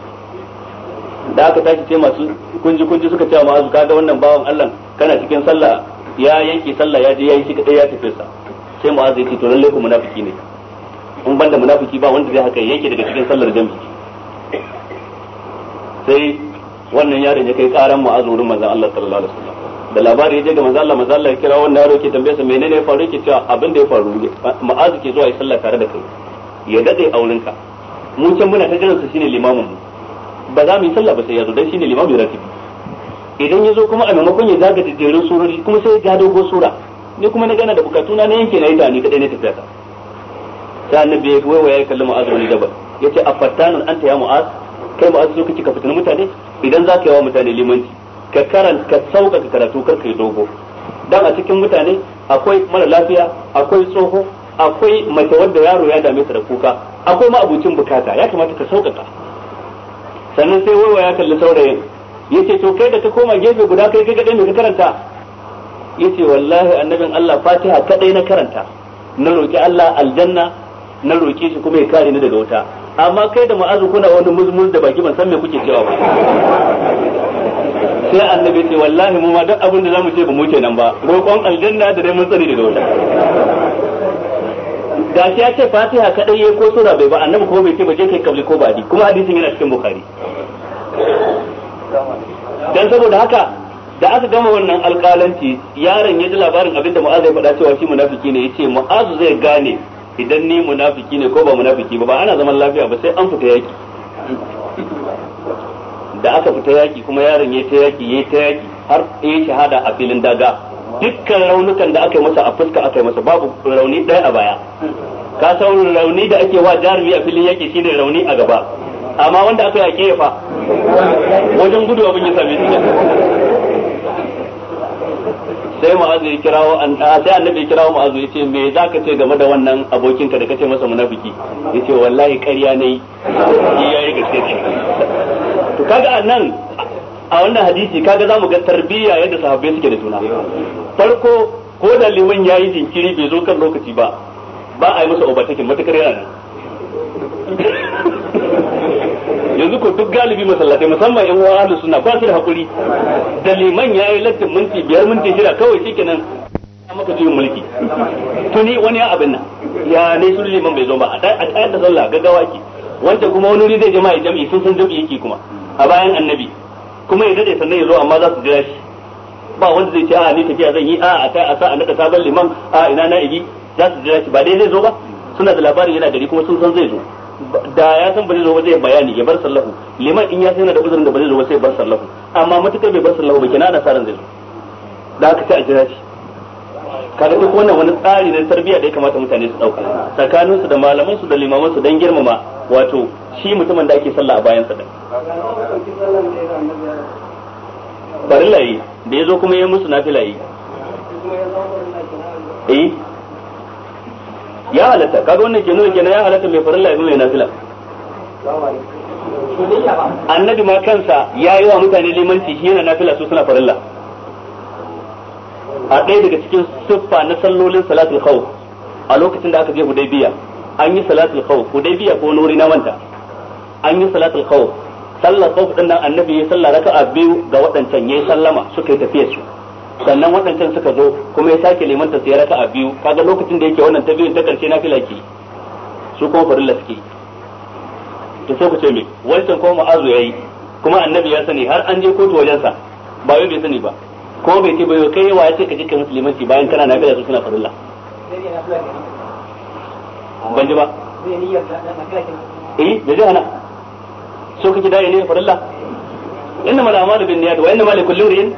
Speaker 1: da aka tashi ce masu kunji kunji suka ce ma'azu kaga wannan bawan Allah kana cikin sallah ya yanke sallah ya je yayi shi kadai ya tafi sa sai ma'azu ya ce to lalle ku munafiki ne in banda munafiki ba wanda zai haka yake daga cikin sallar jami'i sai wannan yaron ya kai karan ma'azu wurin manzon Allah sallallahu alaihi wasallam da labari ya je ga manzon Allah manzon Allah ya kira wannan yaro ke tambaye sa menene ya faru ke cewa abin da ya faru ma'azu ke zuwa yi sallah tare da kai ya dade ka mu can muna ta jiran sa shine limamin mu ba za mu yi sallah ba sai ya zo dan shine limamin rafi'i idan ya zo kuma a maimakon ya zaga jejjerun surori kuma sai ya ga dogo sura ni kuma na gana da bukatuna na yanke na yi ta kadai na tafiya ta sai annabi ya waiwaya ya kalli mu'az wani jabal yace afattanun anta ya mu'az kai mu'az so kike ka mutane idan za ka wa mutane limanci ka karan ka sauka ka karatu kar ka yi dogo dan a cikin mutane akwai mara lafiya akwai tsoho akwai mace wadda yaro ya dame ta da kuka akwai ma abucin bukata ya kamata ka sauƙaƙa sannan sai ya kalli saurayin ce to kai da ta koma gefe guda kai kai kaɗai me ka karanta ce wallahi annabin Allah Fatiha kadai na karanta na roki Allah aljanna na roke shi kuma ya kare ni daga wuta amma kai da ma'azu kuna wani muzmuz da baki ban san me kuke cewa ba sai annabi ce wallahi mu ma duk abin da zamu ce ba mu kenan ba roƙon aljanna da dai mun sani daga wuta gashi ya ce fatiha kadai yayi ko sura bai ba annabi ko bai ce ba je kai kabli ko badi kuma hadisin yana cikin bukhari dan saboda haka da aka gama wannan alƙalanci yaron ya ji labarin abinda mu'azu ya faɗa cewa shi munafiki ne yace mu'azu zai gane idan ni munafiki ne ko ba munafiki ba ba ana zaman lafiya ba sai an fita yaki da aka fita yaki kuma yaron ya ta yaki ya ta yaki har ya shahada a filin daga dukkan raunukan da aka yi masa a fuska aka yi masa babu rauni ɗaya a baya ka san rauni da ake wa jarumi a filin yaki shine rauni a gaba amma wanda aka yake fa wajen gudu abin ya same shi sai ma'azu ya kirawo sai annabi ya kirawo ma'azu ya ce me zaka ce game da wannan abokinka da kace masa munafiki yace wallahi ƙarya ne ya yi gaske ce to kaga anan a wannan hadisi kaga zamu ga tarbiyya yadda sahabbai suke da juna farko ko da liman yayi jinkiri bai zo kan lokaci ba ba a yi masa obatakin matakar yana
Speaker 3: nan
Speaker 1: yanzu ko duk galibi masallatai musamman yan uwan ahlus sunna ba su da hakuri da liman yi lattin minti biyar minti shida kawai shikenan maka juyin mulki tuni wani ya abin nan ya ne su liman bai zo ba a tayar da sallah gaggawa ki wanda kuma wani wuri zai je mai jam'i sun san jami'i yake kuma a bayan annabi kuma ya dade sannan ya zo amma za su jira shi ba wanda zai ce a ni tafiya zan yi a a ta a sa a naka sabon liman a ina na ibi za su jira shi ba dai zai zo ba suna da labarin yana gari kuma sun san zai zo da ya san ba zai zo ba zai bayani ya bar sallahu liman in ya san da uzurin da ba zai zo ba sai bar sallahu amma matukar bai bar sallahu ba kina da saran zai zo da aka ta a shi ka da duk wannan wani tsari na tarbiyya da ya kamata mutane su dauka tsakanin su da malaman su da limaman su dan girmama wato shi mutumin da ake sallah a bayan sa da barillayi da ya zo kuma ya musu nafilayi eh ya halatta kaga wannan ke nuna kenan ya halatta mai farin lafi mai nafila annabi ma kansa ya yi wa mutane limanci shi yana nafila su suna la. a ɗaya daga cikin siffa na sallolin salatul khawf a lokacin da aka je hudaybiya an yi salatul khawf hudaybiya ko nuri na manta an yi salatul khawf sallar khawf din nan annabi ya sallar raka'a biyu ga waɗancan yi sallama suka yi tafiyar su sannan waɗancan suka zo kuma ya sake limanta ya raka a biyu kaga lokacin da yake wannan ta biyun ta karshe na fila ke su kuma farilla suke to sai ku ce me wancan kuma ma'azu yi. kuma annabi ya sani har an je kotu wajensa ba yau bai sani ba kuma bai ce bai kai yawa ya ce ka je musu limanci bayan kana na fila su suna farilla ban ji ba eh da jihana so kake da ne farilla inna mala amalu bin niyyat wa inna mala kulli imrin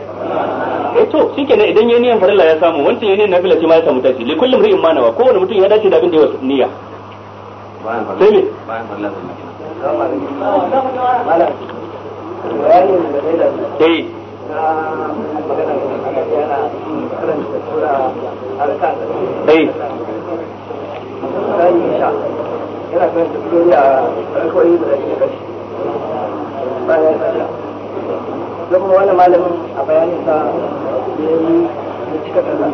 Speaker 1: eh to shikenan idan yayin farilla ya samu wancan yayin na nafila shi ma ya samu tashi li kulli ri'in ma nawa kowane mutum ya dace da abin da ya niyya sai
Speaker 2: me eh eh a farko da da kuma wani malamin a bayanin sa da yi da cika kaza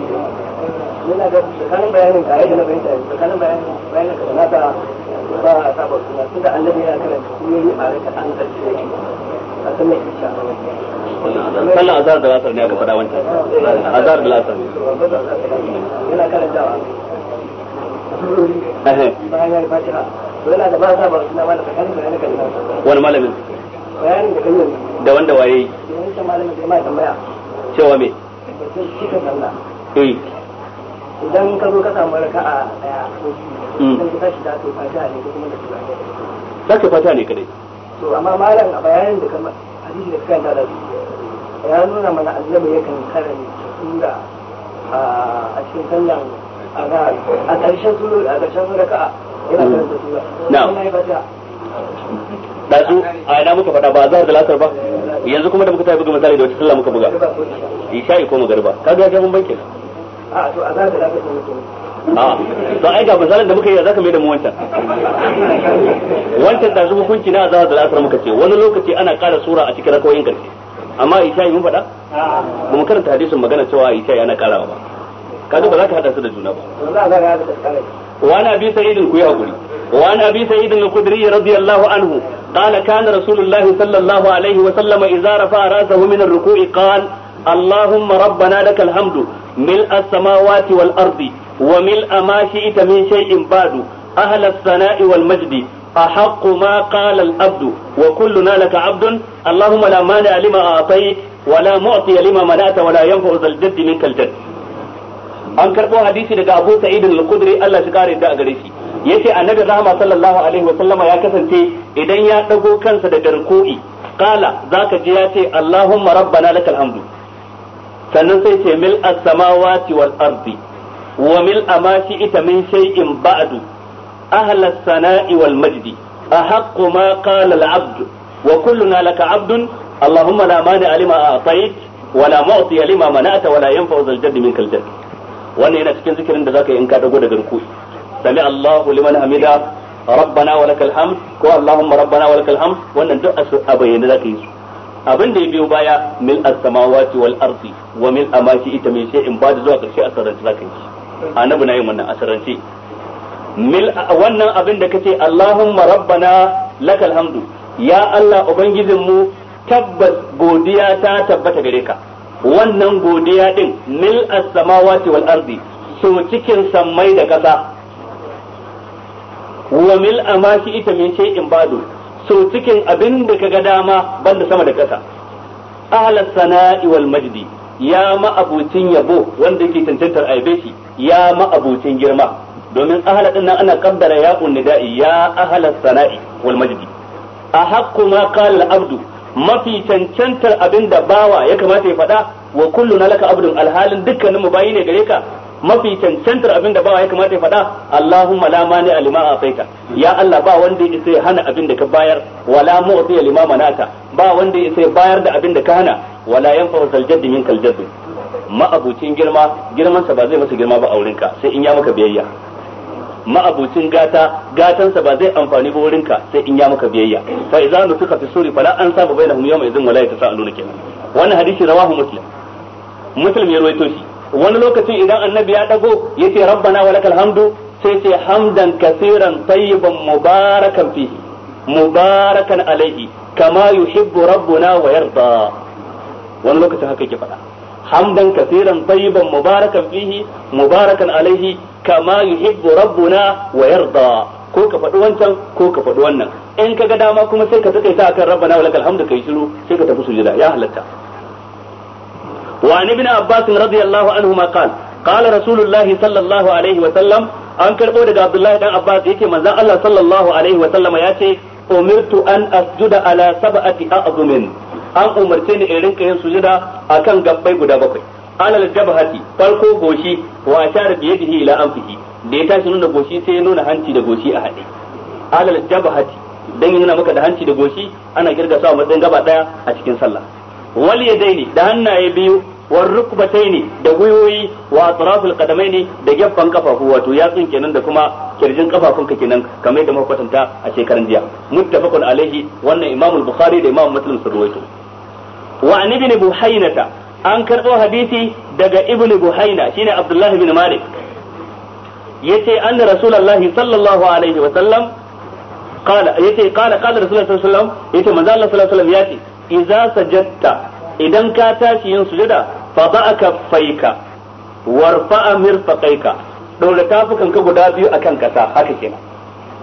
Speaker 2: yana da tsakanin bayanin a yi na fahimta tsakanin bayanin bayanin na ta ba a saba suna tunda annabi yana karanta yi a raka an karshe a sannan
Speaker 1: isha sallan azhar da lasar ne aka faɗa wancan azhar da lasar
Speaker 2: yana karantawa bayan ya yi fatiha yana da ba sa ba suna
Speaker 1: malamin da wanda waye cewa me eh.
Speaker 2: idan ka zo ka samu raka a daya hmm. idan ka tashi da ne kuma ne kadai to amma malam a bayanin da kamar hadisi da kan da ya nuna mana annabi yakan karanta sura a cikin sallan a ƙarshen sura a ƙarshen raka'a yana hmm. karanta sura na'am
Speaker 1: su a ina muka faɗa ba zahar da lasar ba yanzu kuma da muka tafi buga misali da wata sallah muka buga isha'i ko magariba ka ya mun bankin
Speaker 2: a to azhar da lasar
Speaker 1: a to ai ga misalin da muka yi zaka mai da mu wancan wancan da zuwa hukunci na zahar da lasar muka ce wani lokaci ana ƙara sura a cikin rakawoyin karshe amma yi mun faɗa ba mu karanta hadisin magana cewa isha yana ƙarawa ba kaga ba za ka hada su da juna ba وعن أبي سعيد الكيابري وعن أبي سعيد الخدري رضي الله عنه قال كان رسول الله صلى الله عليه وسلم إذا رفع رأسه من الركوع قال اللهم ربنا لك الحمد ملء السماوات والأرض وملء ما شئت من شيء بعد أهل الثناء والمجد أحق ما قال الأبد وكلنا لك عبد اللهم لا مانع لما أعطيت ولا معطي لما منعت ولا ينفع ذا الجد منك الجد an karbo hadisi daga Abu Sa'id al-Khudri Allah shi kare da gare shi yace annabi rahama sallallahu alaihi wa sallama ya kasance idan ya dago kansa da darko'i kala zaka ji ya ce Allahumma rabbana lakal hamdu sannan sai ce mil as-samawati wal ardi wa mil amashi ita min shay'in ba'du ahla as-sana'i wal majdi أحق ما قال العبد وكلنا لك عبد اللهم لا مانع لما أعطيت ولا معطي لما منعت ولا ينفع ذا الجد منك الجد wannan yana cikin zikirin da zaka yi in ka dago daga ruku'i sami Allahu liman hamida rabbana wa lakal hamd ko allahumma rabbana wa lakal hamd wannan duk a bayyane zaka yi abin da ya biyo baya mil as-samawati wal ardi wa mil amaki ita mai in ba da zuwa karshe asarance zaka yi annabi na yin wannan asarance mil wannan abin da kace allahumma rabbana lakal hamdu ya Allah ubangijinmu tabbas godiya ta tabbata gare ka wannan godiya din mil as-samawati wal ardi so cikin sammai da kasa wa mil amashi ita min shay'in badu so cikin abin da kaga dama banda sama da kasa ahlas sana'i wal majdi ya ma'abucin yabo wanda yake tantantar aibe shi ya ma'abucin girma domin ahla din nan ana kaddara ya nida'i ya ahlas sana'i wal majdi a ma qala abdu mafi cancantar abin da bawa ya kamata ya faɗa wa kullu laka abdun alhalin dukkaninmu bayi ne gare ka mafi cancantar abin da bawa ya kamata ya faɗa Allahumma la mani alima ya Allah ba wanda ya sai hana abin da ka bayar wala mu'ti alima manata ba wanda ya sai bayar da abin da ka hana wala yanfa'u saljaddi min kaljadd ma abucin girma girman sa ba zai masa girma ba aurinka sai in ya maka biyayya ma'abucin gata gatansa ba zai amfani ba wurinka sai in ya maka biyayya fa idza nusika fi suri fala an bai bainahum yawma idzin wala yatasaluna kenan wannan hadisi rawahu muslim muslim ya rawaito shi wani lokacin idan annabi ya dago yace rabbana walakal hamdu sai ce hamdan kaseeran tayyiban mubarakan fihi mubarakan alaihi kama yuhibbu rabbuna wa yarda wani lokacin haka yake faɗa hamdan kasiran tayyiban mubarakan fihi mubarakan alaihi kama yuhibbu rabbuna wa yarda ko ka faɗi wancan ko ka faɗi wannan in ka ga dama kuma sai ka takaita akan rabbana wa lakal hamdu kai shiru sai ka tafi sujuda ya halatta wa an ibn abbas radiyallahu anhu ma qala qala rasulullah sallallahu alaihi wa sallam an karbo daga abdullahi dan abbas yake manzon allah sallallahu alaihi wa sallama yace umirtu an asjuda ala sab'ati a'zumin an umarce ni in rinka yin sujuda akan gabbai guda bakwai alal jabhati farko goshi wa ashara bi yadihi ila anfihi da ya tashi nuna goshi sai ya nuna hanci da goshi a haɗe alal jabhati dan ya maka da hanci da goshi ana kirga sawa a matsayin gaba daya a cikin sallah wal yadaini da hannaye biyu war rukbataini da gwiwoyi wa atrafil qadamaini da gaffan kafafu wato yatsun kenan da kuma kirjin kafafunka kenan kamar yadda muka kwatanta a shekaran jiya muttafaqun alaihi wannan imamul bukhari da imam muslim sun rawaito wa an ibn buhainata an karɓo hadisi daga ibn buhayna shine abdullahi bin malik yace anna rasulullahi sallallahu alaihi wa sallam qala yace qala qala rasulullahi sallallahu alaihi wa sallam yace manzo Allah sallallahu alaihi wa sallam yace idza sajadta idan ka tashi yin sujada fa da'a kaffaika warfa'a mirfaqaika dole fukan ka guda biyu akan kasa haka kenan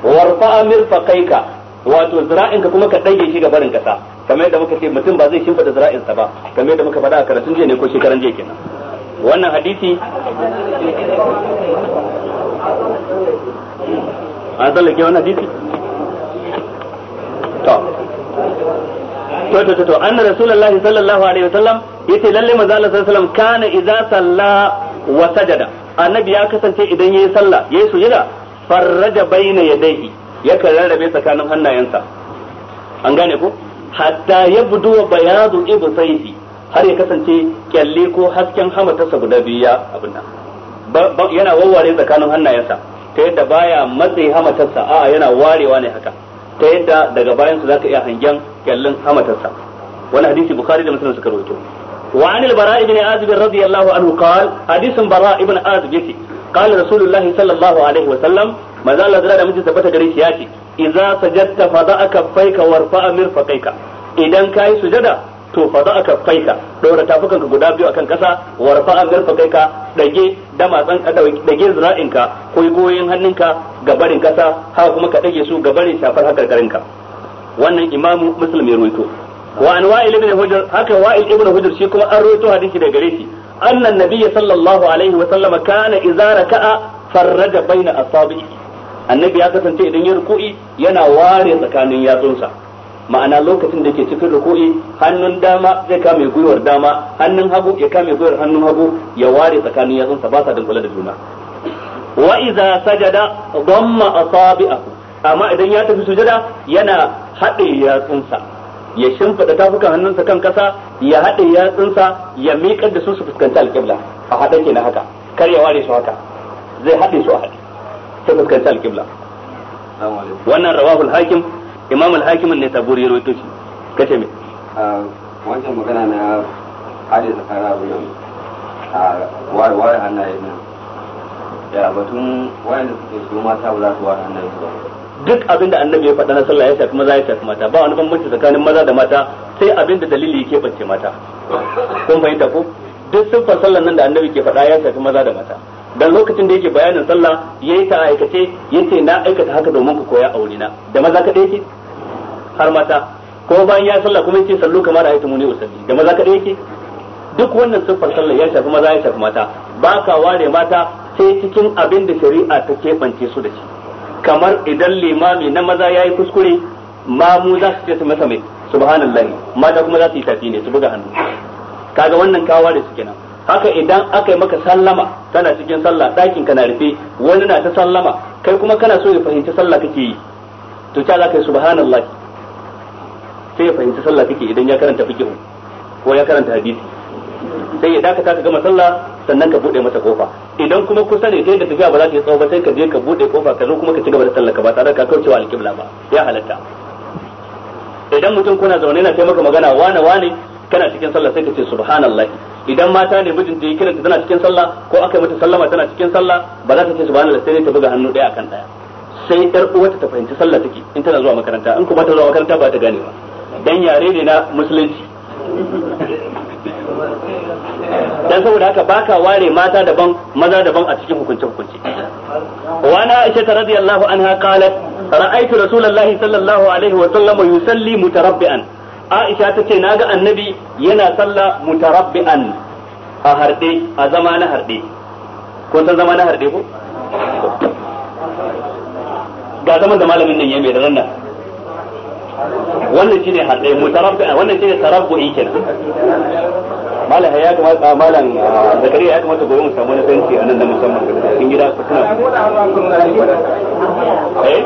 Speaker 1: warfa'a mirfaqaika wato zira'in ka kuma ka dage shi ga barin kasa kamar yadda muka ce mutum ba zai shimfida zira'insa ba kamar yadda muka faɗa a karatun jiya ne ko shekaran jiya kenan wannan hadisi an tsallake wannan hadisi to to to to anna rasulullahi sallallahu alaihi wasallam yace lalle manzo Allah sallallahu alaihi wasallam kana idza salla wa sajada annabi ya kasance idan yayi sallah yayi sujada farraja baina yadayhi yakan rarrabe tsakanin hannayensa an gane ko hatta ya budu wa bayadu ibsaihi har ya kasance kyalle ko hasken hama ta sabu biyu biya abin nan yana wawware tsakanin hannayensa ta yadda baya matse hamatarsa a'a yana warewa ne haka ta yadda daga bayansa zaka iya hangen kyallin hamatarsa wani hadisi bukhari da muslim suka rubuto wa anil بن ibn azib radiyallahu anhu قال hadisin براء ibn azib yake قال رسول sallallahu alaihi wa sallam وسلم ما da miji tabbata gare shi ya ce idza سجدت fada'a kaffaika warfa'a مرفقيك idan كاي sujada to aka faika dora tafukanka guda biyu akan kasa warfa'a mirfaqaika dage da matsan ka dage zira'inka ko goyen hannunka gabarin kasa haka kuma ka dage su gabarin shafar hakarkarinka wannan imamu muslim ya ruwaito wa an wa'il ibn hujr haka wa'il ibn hujr shi kuma an rawaito hadisi da gare shi annan nabiyyi sallallahu alaihi wa sallama kana idza raka'a farraja baina asabi'i annabi ya kasance idan ya ruku'i yana ware tsakanin yatsunsa ma'ana lokacin da ke cikin ruku'i hannun dama zai kame gwiwar dama hannun hagu ya kame gwiwar hannun hagu ya ware tsakanin yatsunsa ba sa dangula da juna wa idza sajada damma asabi'ahu amma idan ya tafi sujada yana haɗe yatsunsa ya shimfida tafukan hannunsa kan kasa ya haɗe yatsunsa ya miƙar da su su fuskanci alƙibla a haɗe kenan haka kar ya ware su haka zai haɗe su a haɗe su fuskanci alƙibla wannan rawahul hakim imam al-hakim ne taburi ya rawaito shi kace me
Speaker 2: wancan magana na hadi tsakanin abin nan a ware ware hannaye
Speaker 1: nan ya batun wayanda suke su mata ba za su ware hannaye ba duk abin da annabi ya faɗa na sallah ya shafi maza ya shafi mata ba wani bambanci tsakanin maza da mata sai abin da dalili yake bace mata kun fahimta ko duk siffar sallan nan da annabi ke faɗa ya shafi maza da mata dan lokacin da yake bayanin sallah yayi ta aikace yace na aikata haka domin ku koya aure na da maza kadai yake har mata ko bayan ya sallah kuma yace sallu kamar ayatu muni usalli da maza kadai yake duk wannan siffar sallah ya shafi maza ya shafi mata ba ka ware mata sai cikin abin da shari'a ta keɓance su da shi kamar idan limami na maza ya yi kuskure ma mu za su ce su masa mai subhanallahi mata kuma za su yi tafi ne su buga hannu kaga wannan kawa da suke nan haka idan aka yi maka sallama kana cikin sallah ɗakin ka na rufe wani na ta sallama kai kuma kana so ya fahimci sallah kake yi to ta za ka yi subhanallahi sai ya fahimci sallah kake idan ya karanta fiqh ko ya karanta hadisi sai ya dakata ka gama sallah sannan ka bude mata kofa idan kuma kusa ne sai da tafiya ba za ta yi tsawo ba sai ka je ka bude kofa ka zo kuma ka ci gaba da sallah ka ba tare ka kaucewa alƙibla ba ya halatta idan mutum kuna zaune na taimaka magana wane wane kana cikin sallah sai ka ce subhanallahi idan mata ne mijinta ya yake tana cikin sallah ko aka yi mata sallama tana cikin sallah ba za ta ce subhanallahi sai ta buga hannu daya akan daya sai yar uwarta ta fahimci sallah take in tana zuwa makaranta in kuma ta zuwa makaranta ba ta gane ba dan yare ne na musulunci dan saboda haka baka ware mata daban maza daban a cikin hukunce hukunce wa na aisha ta radiyallahu anha qalat ra'aytu rasulullahi sallallahu alaihi wa sallam yusalli mutarabbi'an aisha ta ce naga annabi yana sallah mutarabbi'an a harde a zama na harde ko san zama na harde ko ga zaman da malamin nan yayi mai da nan wannan shine hadai mutarabbi wannan shine tarabbu'i kenan malam ah, ah, ya kuma malam zakari ya kuma gobe mu samu na sanci a da musamman kin gida ku kuna eh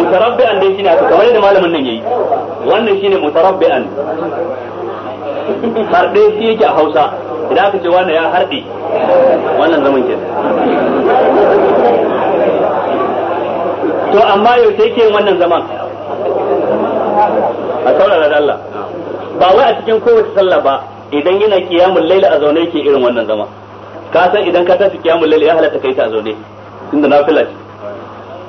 Speaker 1: mutarabbi'an dai shine haka kamar yadda malamin nan yayi wannan shine mutarabbi'an harɗe shi yake a Hausa idan aka ce wannan ya harɗe wannan zaman kenan to amma yau sai yin wannan zaman a saurara da Allah ba wai a cikin kowace sallah ba idan yana kiyamul laila a zaune yake irin wannan zaman. ka san idan ka tafi kiyamul laila ya halatta kai ta a zaune tunda nafila ce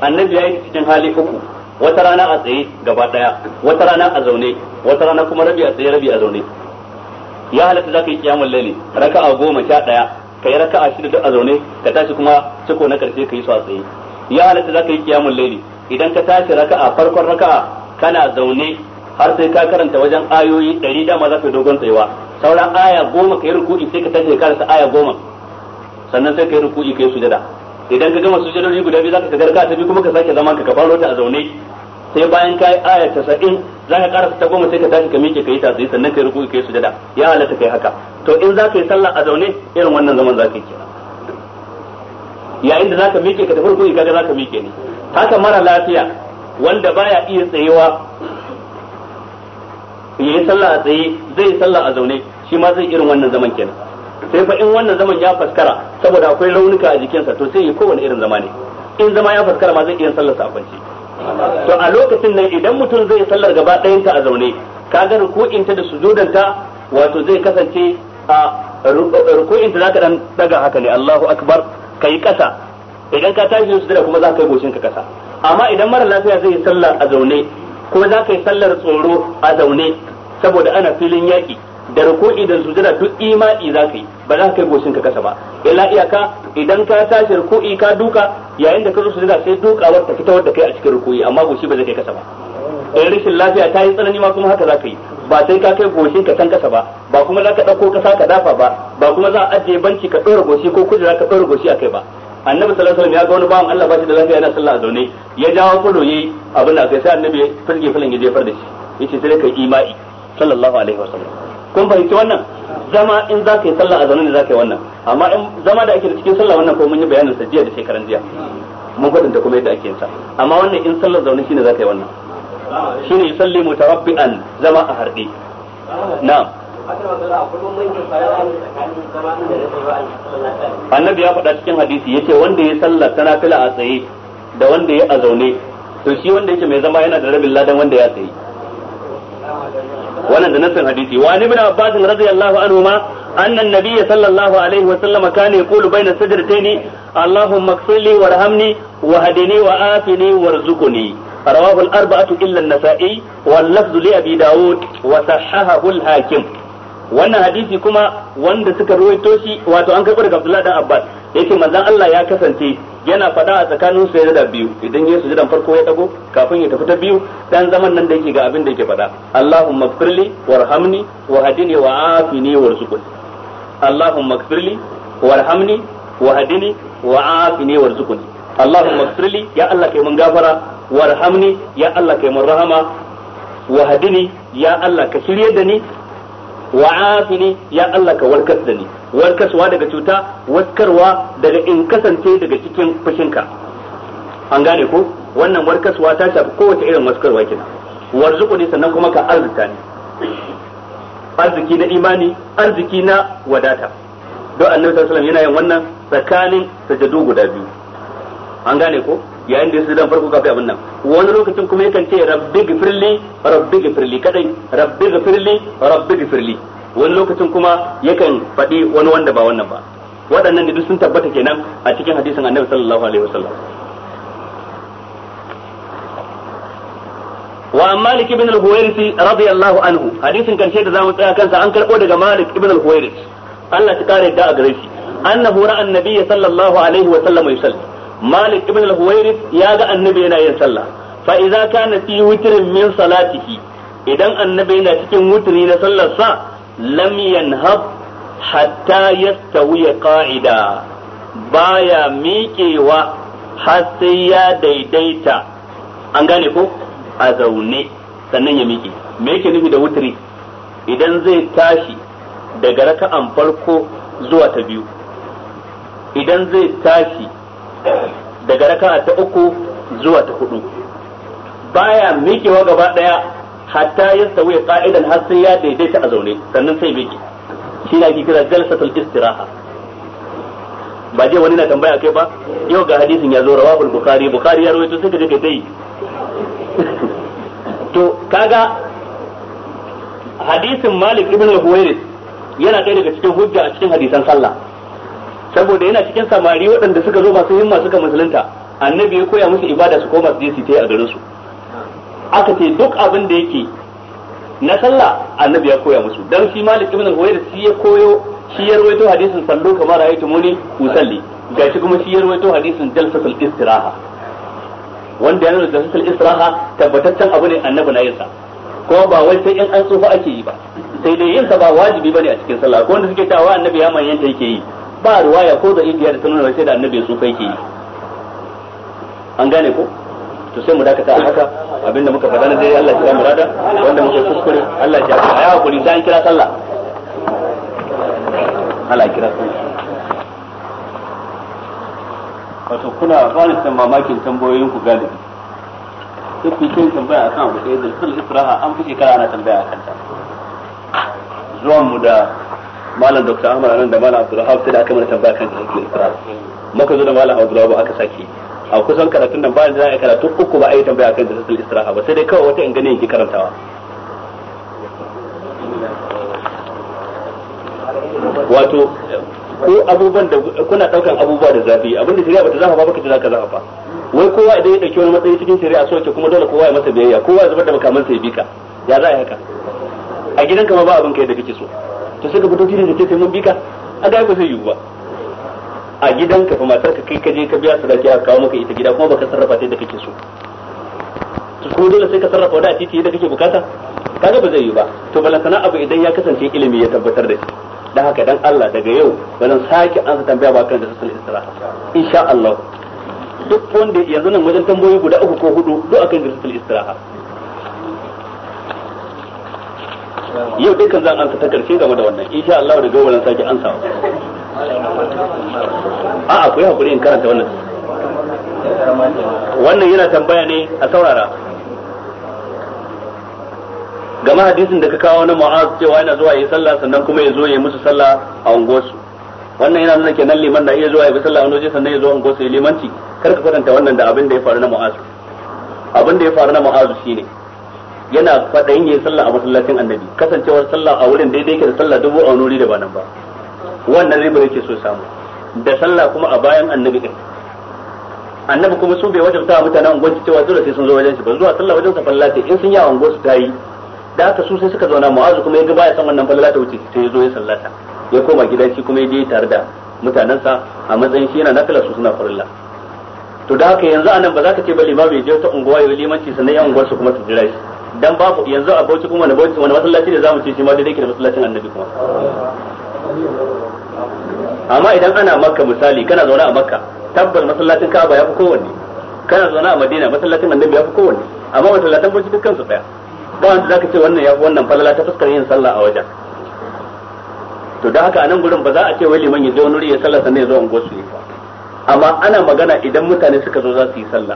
Speaker 1: annabi ya yi cikin hali uku wata rana a tsaye gaba daya wata rana a zaune wata rana kuma rabi a tsaye rabi a zaune ya halatta za ka yi kiyamul laili raka'a goma sha daya ka yi raka'a shida duk a zaune ka tashi kuma ciko na karshe ka yi su a tsaye ya halatta zaka yi kiyamun laili idan ka tashi raka'a farkon raka'a kana zaune har sai ka karanta wajen ayoyi ɗari dama za ka dogon tsayuwa sauran aya goma ka yi ruku'i sai ka tashi ka karanta aya goma sannan sai ka yi ruku'i yi sujada idan ka gama sujadodi guda biyu za ka ka ta biyu kuma ka sake zama ka ka ta a zaune sai bayan ka yi aya tasa'in za ka karasa ta goma sai ka tashi ka miƙe ka yi tasiri sannan ka yi ruku'i ka yi sujada ya halatta yi haka to in za ka yi sallah a zaune irin wannan zaman za ka yi kenan yayin da zaka miƙe ka tafi rukuni kaga zaka miƙe ne haka mara lafiya wanda baya iya tsayewa yi sallah a tsaye zai sallah a zaune shi ma zai irin wannan zaman kenan sai fa in wannan zaman ya faskara saboda akwai raunuka a jikinsa to sai ya kowane irin zama ne in zama ya faskara ma zai iya sallar sa a kwance to a lokacin nan idan mutum zai sallar gaba ɗayanta a zaune kaga ruku'inta da ta wato zai kasance a ruku'inta zaka dan daga haka ne Allahu akbar ka yi ƙasa idan ka tashi su sujada kuma za ka yi goshin ka ƙasa amma idan mara lafiya zai yi sallah a zaune ko za ka yi sallar tsoro a zaune saboda ana filin yaƙi da ruku'i da sujada duk imani za ka yi ba za ka yi goshin ka kasa ba illa iyaka idan ka tashi ruku'i ka duka yayin da ka zo sujada sai dukawar ta fitawar da kai a cikin ruku'i amma goshi ba zai kai kasa ba in rashin lafiya ta yi tsanani ma kuma haka za ka yi ba sai ka kai goshin ka can kasa ba ba kuma za ka ɗauko kasa ka dafa ba ba kuma za a ajiye banci ka ɗora goshi ko kujera ka ɗora goshi a kai ba annabi sallallahu alaihi wasallam ya ga wani bawan Allah ba shi da lafiya yana sallah a zaune ya jawo fulo yayi abin da kai sai annabi ya fulge fulan ya jefar da shi yace sai kai imai sallallahu alaihi wasallam kun fahimci wannan zama in za ka yi sallah a zaune ne za ka yi wannan amma in zama da ake da cikin sallah wannan ko mun yi bayanin sa jiya da shekaran jiya mun faɗin da kuma yadda ake yin sa amma wannan in sallar zaune shine za ka yi wannan shine yusallimu mutarabbi'an zama a harbi na'am annabi ya faɗa cikin hadisi yace wanda ya sallar tana fila a tsaye da wanda ya a zaune to shi wanda yake mai zama yana da rabin ladan wanda ya tsaye wannan da nassin hadisi wa ibn abbas radiyallahu anhu ma anna an sallallahu alaihi wa sallam kana yaqulu bayna sajdatayn allahumma ighfirli warhamni wa hadini wa afini warzuqni رواه الأربعة إلا النسائي واللفظ لأبي داود وصححه الحاكم wannan hadisi kuma wanda suka ruwaito shi wato an karɓi daga Abdullahi dan Abbas yace manzon Allah ya kasance yana fada a tsakanin su da biyu idan ya dan farko ya dago kafin ya tafi ta biyu dan zaman nan da yake ga abin da yake fada Allahumma ighfirli warhamni wa wa afini warzuqni Allahumma firli ya Allah kai mun gafara warhamni ya Allah kai mun rahama wahdini ya Allah ka shirye da ni wa'afini ya Allah ka warkas da ni warkaswa daga cuta warkarwa daga in kasance daga cikin fushinka an gane ko wannan warkaswa ta shafi kowace irin waskarwa kenan warzuku ne sannan kuma ka arzuta ni arziki na imani arziki na wadata don annabi sallallahu alaihi wasallam yana yin wannan tsakanin sajadu guda biyu an gane ko yayin da ya dan farko kafi abin nan wani lokacin kuma yakan ce rabbi gifirli rabbi gifirli kadai rabbi gifirli rabbi gifirli wani lokacin kuma yakan faɗi wani wanda ba wannan ba waɗannan ne duk sun tabbata kenan a cikin hadisin annabi sallallahu alaihi wasallam wa malik ibn al-huwairisi radiyallahu anhu hadisin ce da zamu tsaya kansa an karbo daga malik ibn al-huwairis Allah ta kare da a gare shi annahu ra'an nabiyyi sallallahu alaihi wa sallam yusalli malik ibn al-huwairis ya ga annabi yana yin sallah fa idza kana fi min salatihi idan annabi yana cikin wuturi na sallarsa lam yanhab hatta yastawi qa'ida baya miƙewa har sai ya daidaita an gane ko a zaune sannan ya miƙe me yake nufi da wutri idan zai tashi daga raka'an farko zuwa ta biyu idan zai tashi daga raka ta uku zuwa ta hudu baya mikewa gaba daya hatta sauye ka'idan har sai ya daidaita a zaune sannan sai mike shi ne ake kira jalsatul istiraha ba je wani na tambaya kai ba yau ga hadisin ya zo rawahul bukhari bukhari ya rawaito sai ka je ka dai to kaga hadisin malik ibn al-huwairis yana ɗaya daga cikin hujja a cikin hadisan sallah saboda yana cikin samari waɗanda suka zo masu himma suka musulunta annabi ya koya musu ibada su koma su je su yi a garin su aka ce duk abin da yake na sallah annabi ya koya musu dan shi malik ibn al-huwayr shi ya koyo shi ya rawaito hadisin sallu kamar ra'aytu muni usalli gashi kuma shi ya rawaito hadisin jalsatul istiraha wanda yana da jalsatul istiraha tabbataccen abu ne annabi na yinsa kuma ba wai sai in an tsufa ake yi ba sai dai yinsa ba wajibi bane a cikin sallah ko wanda suke cewa annabi ya manyanta yake yi ba riwaya ko da ibiya da sunan sai da annabi su kai ke an gane ko to sai mu dakata a haka abinda muka faɗa na dai Allah ya murada wanda muka kuskure Allah ya ya hakuri sai an kira sallah ala kira sallah wato kuna bani san mamakin tambayoyin ku galibi sai ku yi tambaya akan abu ɗaya da kullu isra'a an fi shekara ana tambaya akan ta zuwan mu da malam dr ahmad anan da malam abdulhab sai da aka mana tambaya kan tafsir israr muka zo da malam abdulhab aka saki a kusan karatun nan bayan da karatu uku ba a yi tambaya kan tafsir israr ba sai dai kawai wata in gane yake karantawa wato ko abubuwan da kuna daukan abubuwa da zafi abinda shari'a bata zafa ba baka ji zaka zafa wai kowa idan ya dauki wani matsayi cikin shari'a so ke kuma dole kowa ya masa biyayya kowa ya zubar da makamansa ya bika ya za a yi haka a gidanka ma ba abin kai da kake so to sai ka fito filin da ke mun bika a ga ba zai yiwu ba a gidan ka fa matar ka kai ka je ka biya dake a kawo maka ita gida kuma baka sarrafa ta da kake so to ko dole sai ka sarrafa wani a titi da kake bukata kaga ba zai yiwu ba to balantana abu idan ya kasance ilimi ya tabbatar da shi dan haka dan Allah daga yau ba sake ansa tambaya ba kan da sassan istira insha Allah duk wanda yanzu nan wajen tambayoyi guda uku ko hudu duk akan da sassan istiraha yau dukkan zan ansa ta karshe game da wannan insha Allah da gobe sake ansa a a ku yi hakuri in karanta wannan wannan yana tambaya ne a saurara game hadisin da ka kawo na mu'az cewa yana zuwa yi sallah sannan kuma ya zo ya musu sallah a unguwarsu wannan yana nuna kenan liman na iya zuwa ya bi sallah wani waje sannan ya zo unguwarsu ya limanci kar ka kwatanta wannan da abin da ya faru na mu'az abin da ya faru na mu'az shine ne yana kwaɗayin yin sallah a masallacin annabi kasancewar sallah a wurin daidai ke da sallah dubu a wani da ba nan ba wannan riba yake so samu da sallah kuma a bayan annabi din annabi kuma su bai wajabta mutanen unguwanci cewa dole sai sun zo wajen shi ba zuwa sallah wajen sa fallata in sun yi a unguwar su yi, da haka su sai suka zauna mu'azu kuma ya ga baya san wannan fallata wuce sai ya zo ya sallata ya koma gidan shi kuma ya je tare da mutanensa a matsayin shi yana nafila su suna farilla to da haka yanzu anan ba za ka ce ba limami ya je ta unguwa ya limanci sannan yan unguwar su kuma su jira shi dan babu yanzu a bauchi kuma na bauchi wani masallaci ne zamu ce shi ma dai yake da masallacin annabi kuma amma idan ana makka misali kana zaune a makka tabbas masallacin ka'aba ya fi kowanne kana zaune a madina masallacin annabi ya fi kowanne amma masallatan bauchi dukkan su daya ba wanda zaka ce wannan ya fi wannan falala ta fuskar yin sallah a wajen to da haka a nan gurin ba za a ce wai liman ya zo wani ya sallah sannan ya zo an gosu amma ana magana idan mutane suka zo za su yi sallah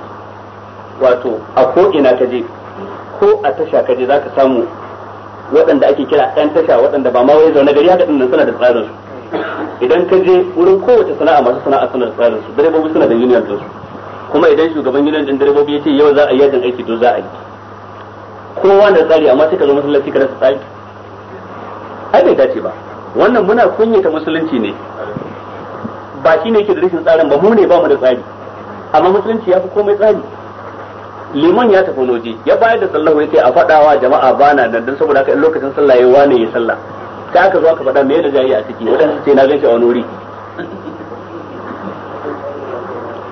Speaker 1: wato a ko ina ka je ko a tasha ka je zaka samu waɗanda ake kira ɗan tasha waɗanda ba ma wai zaune gari haka dinnan suna da tsarin su idan ka je wurin kowace sana'a masu sana'a suna da tsarin su direbobi suna da union din su kuma idan shugaban union din direbobi ya ce yau za a yi yajin aiki to za a yi kowa da tsari amma sai ka zo masallaci ka rasa tsari ai bai dace ba wannan muna kunyata musulunci ne ba shi ne ke da rashin tsarin ba mu ne ba mu da tsari amma musulunci ya fi komai tsari liman ya tafi noji ya bayar da sallah yace a fadawa jama'a bana nan dan saboda haka in lokacin sallah yayi wane ya sallah sai aka zo aka fada me da jayi a ciki wadanda ce na gaishe a wuri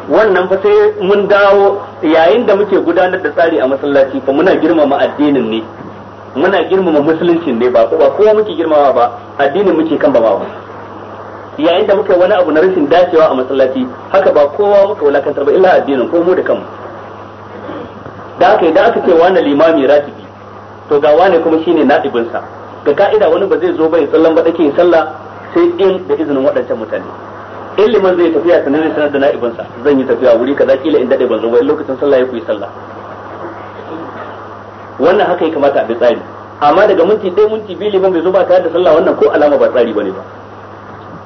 Speaker 1: wannan fa sai mun dawo yayin da muke gudanar da tsari a masallaci fa muna girmama addinin ne muna girmama musuluncin ne ba ba kowa muke girmama ba addinin muke kan ba ba yayin da muke wani abu na rashin dacewa a masallaci haka ba kowa muka wulakantar ba illa addinin ko mu da kanmu da haka idan aka ce wani limami ratibi to ga wani kuma shine nadibin sa ga ka'ida wani ba zai zo ba ya tsallan ba dake sallah sai in da izinin waɗancan mutane in liman zai tafiya sanar da sanar da na'ibinsa zan yi tafiya wuri kaza kila in daɗe ban zo ba in lokacin sallah ya yi sallah wannan haka ya kamata a bi tsari amma daga minti ɗaya minti biyu liman bai zo ba tare da sallah wannan ko alama ba tsari bane ba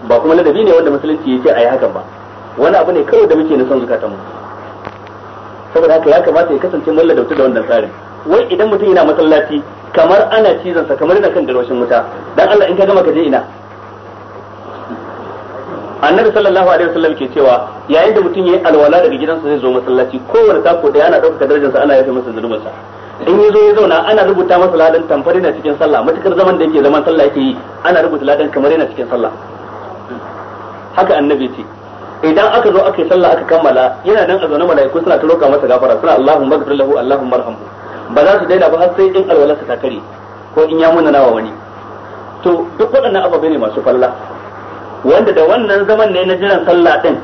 Speaker 1: ba kuma ladabi ne wanda musulunci ya ce a yi hakan ba wani abu ne kawai da muke na son zukatan mu saboda haka ya kamata ya kasance malla dauta da wannan tsarin wai idan mutum yana masallaci kamar ana cizon sa kamar yana kan garwashin wuta dan Allah in ka gama ka je ina annabi sallallahu alaihi wasallam ke cewa yayin da mutum yayi alwala daga gidansa zai zo masallaci kowanne tako da yana dauka darajar sa ana yafe masa zunubin sa in yazo ya zauna ana rubuta masa ladan tamfari na cikin sallah matukar zaman da yake zaman sallah yake yi ana rubuta ladan kamar yana cikin sallah haka annabi ce idan aka zo aka yi sallah aka kammala yana nan a zaune mala'iku suna ta roƙa masa gafara suna Allahu ghfir lahu Allahu marhamu ba za su daina ba har sai in alwala ta kare ko in ya munana wa wani to duk waɗannan ababe ne masu falla wanda da wannan zaman ne na jiran sallah din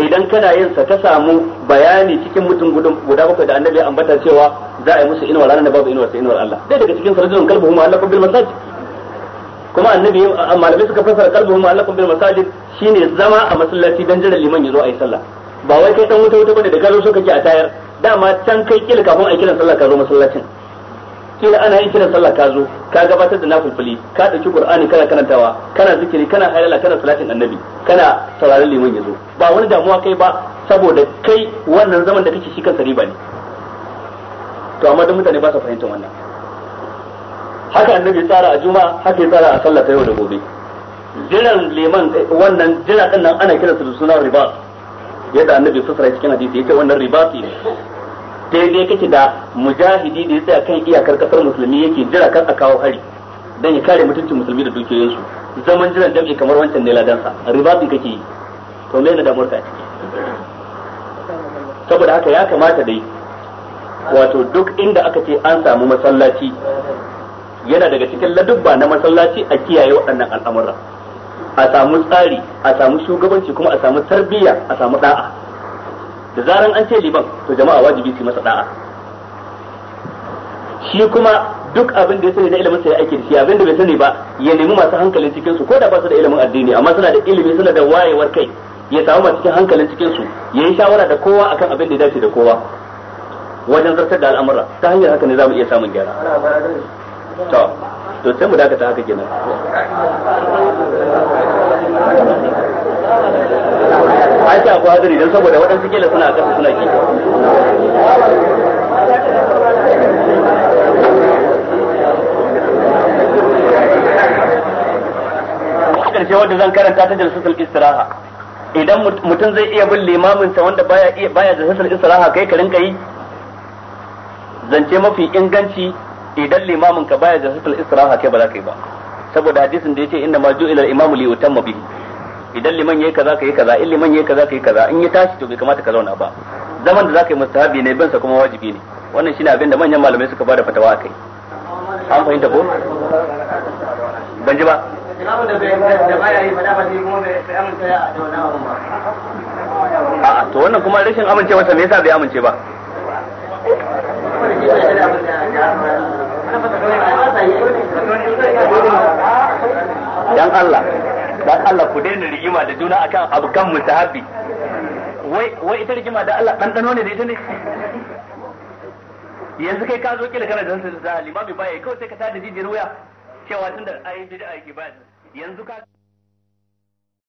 Speaker 1: idan kana yin sa ta samu bayani cikin mutum guda bakwai da annabi ya ambata cewa za a yi musu inuwar ranar da babu inuwar sai inuwar Allah dai daga cikin sarjin kalbu huma Allah bil masajid kuma annabi malamai suka fassara huma alaqum bil masajid shine zama a masallaci dan jiran liman yazo ayi sallah ba wai kai dan wuta wuta bane da ka zo so kake a tayar dama can kai kila kafin a kiran sallah ka zo masallacin kila ana yin kiran sallah ka zo ka gabatar da nafilfili ka dauki qur'ani kana karantawa kana zikiri kana halala kana salatin annabi kana sauraron liman yazo ba wani damuwa kai ba saboda kai wannan zaman da kake shi kansa riba ne to amma duk mutane ba su fahimtar wannan haka annabi ya tsara a juma'a haka ya tsara a sallah ta yau da gobe jiran liman wannan jira din nan ana kiransa da suna riba yadda annabi sassara cikin hadisi yake wannan riba ne dai kake da mujahidi da ya tsaya kan iyakar kasar musulmi yake jira kan a kawo hari dan ya kare mutuncin musulmi da dukiyoyinsu zaman jiran dam'i kamar wancan ne ladansa din kake yi to me ne da ka ciki saboda haka ya kamata dai wato duk inda aka ce an samu masallaci yana daga cikin ladubba na masallaci a kiyaye waɗannan al'amuran, a samu tsari a samu shugabanci kuma a samu tarbiyya a samu da'a da zaran an ce liban, to jama'a wajibi su masa da'a shi kuma duk abin da ya sani na ilimin sai aiki da shi abin da bai sani ba ya nemi masu hankalin cikin su ko da ba su da ilimin addini amma suna da ilimi suna da wayewar kai ya samu masu cikin hankalin cikin su ya yi shawara da kowa akan abin da ya dace da kowa wajen zartar da al'amura ta hanyar haka ne za mu iya samun gyara to to sai mu dakata haka kenan ai ta ku hadari dan saboda waɗansu kila suna kasa suna ki karshe wanda zan karanta ta jalsatul istiraha idan mutum zai iya bin limamin sa wanda baya baya jalsatul istiraha kai ka rinka yi zance mafi inganci idan limamin ka baya jalsatul istiraha kai ba za ka yi ba saboda hadisin da yace inna ma ju'ila al-imamu li yutamma bihi idan liman yayi kaza kai kaza in liman yayi kaza kai kaza in ya tashi to bai kamata ka zauna ba zaman da za ka yi mustahabi ne bin sa kuma wajibi ne wannan shine abin da manyan malamai suka bada fatawa akai an fahimta ko
Speaker 2: ban ji ba a'a to wannan kuma rashin amincewa sa me
Speaker 1: yasa bai amince ba dan Allah dan Allah ku daina rigima da juna akan abu kan musahabi wai wai ita rigima da Allah dan dano ne da ita ne yanzu kai ka zo kila kana da sai da limami baya kawai sai ka tada jijiyar wuya cewa tunda ai bid'a ke ba yanzu ka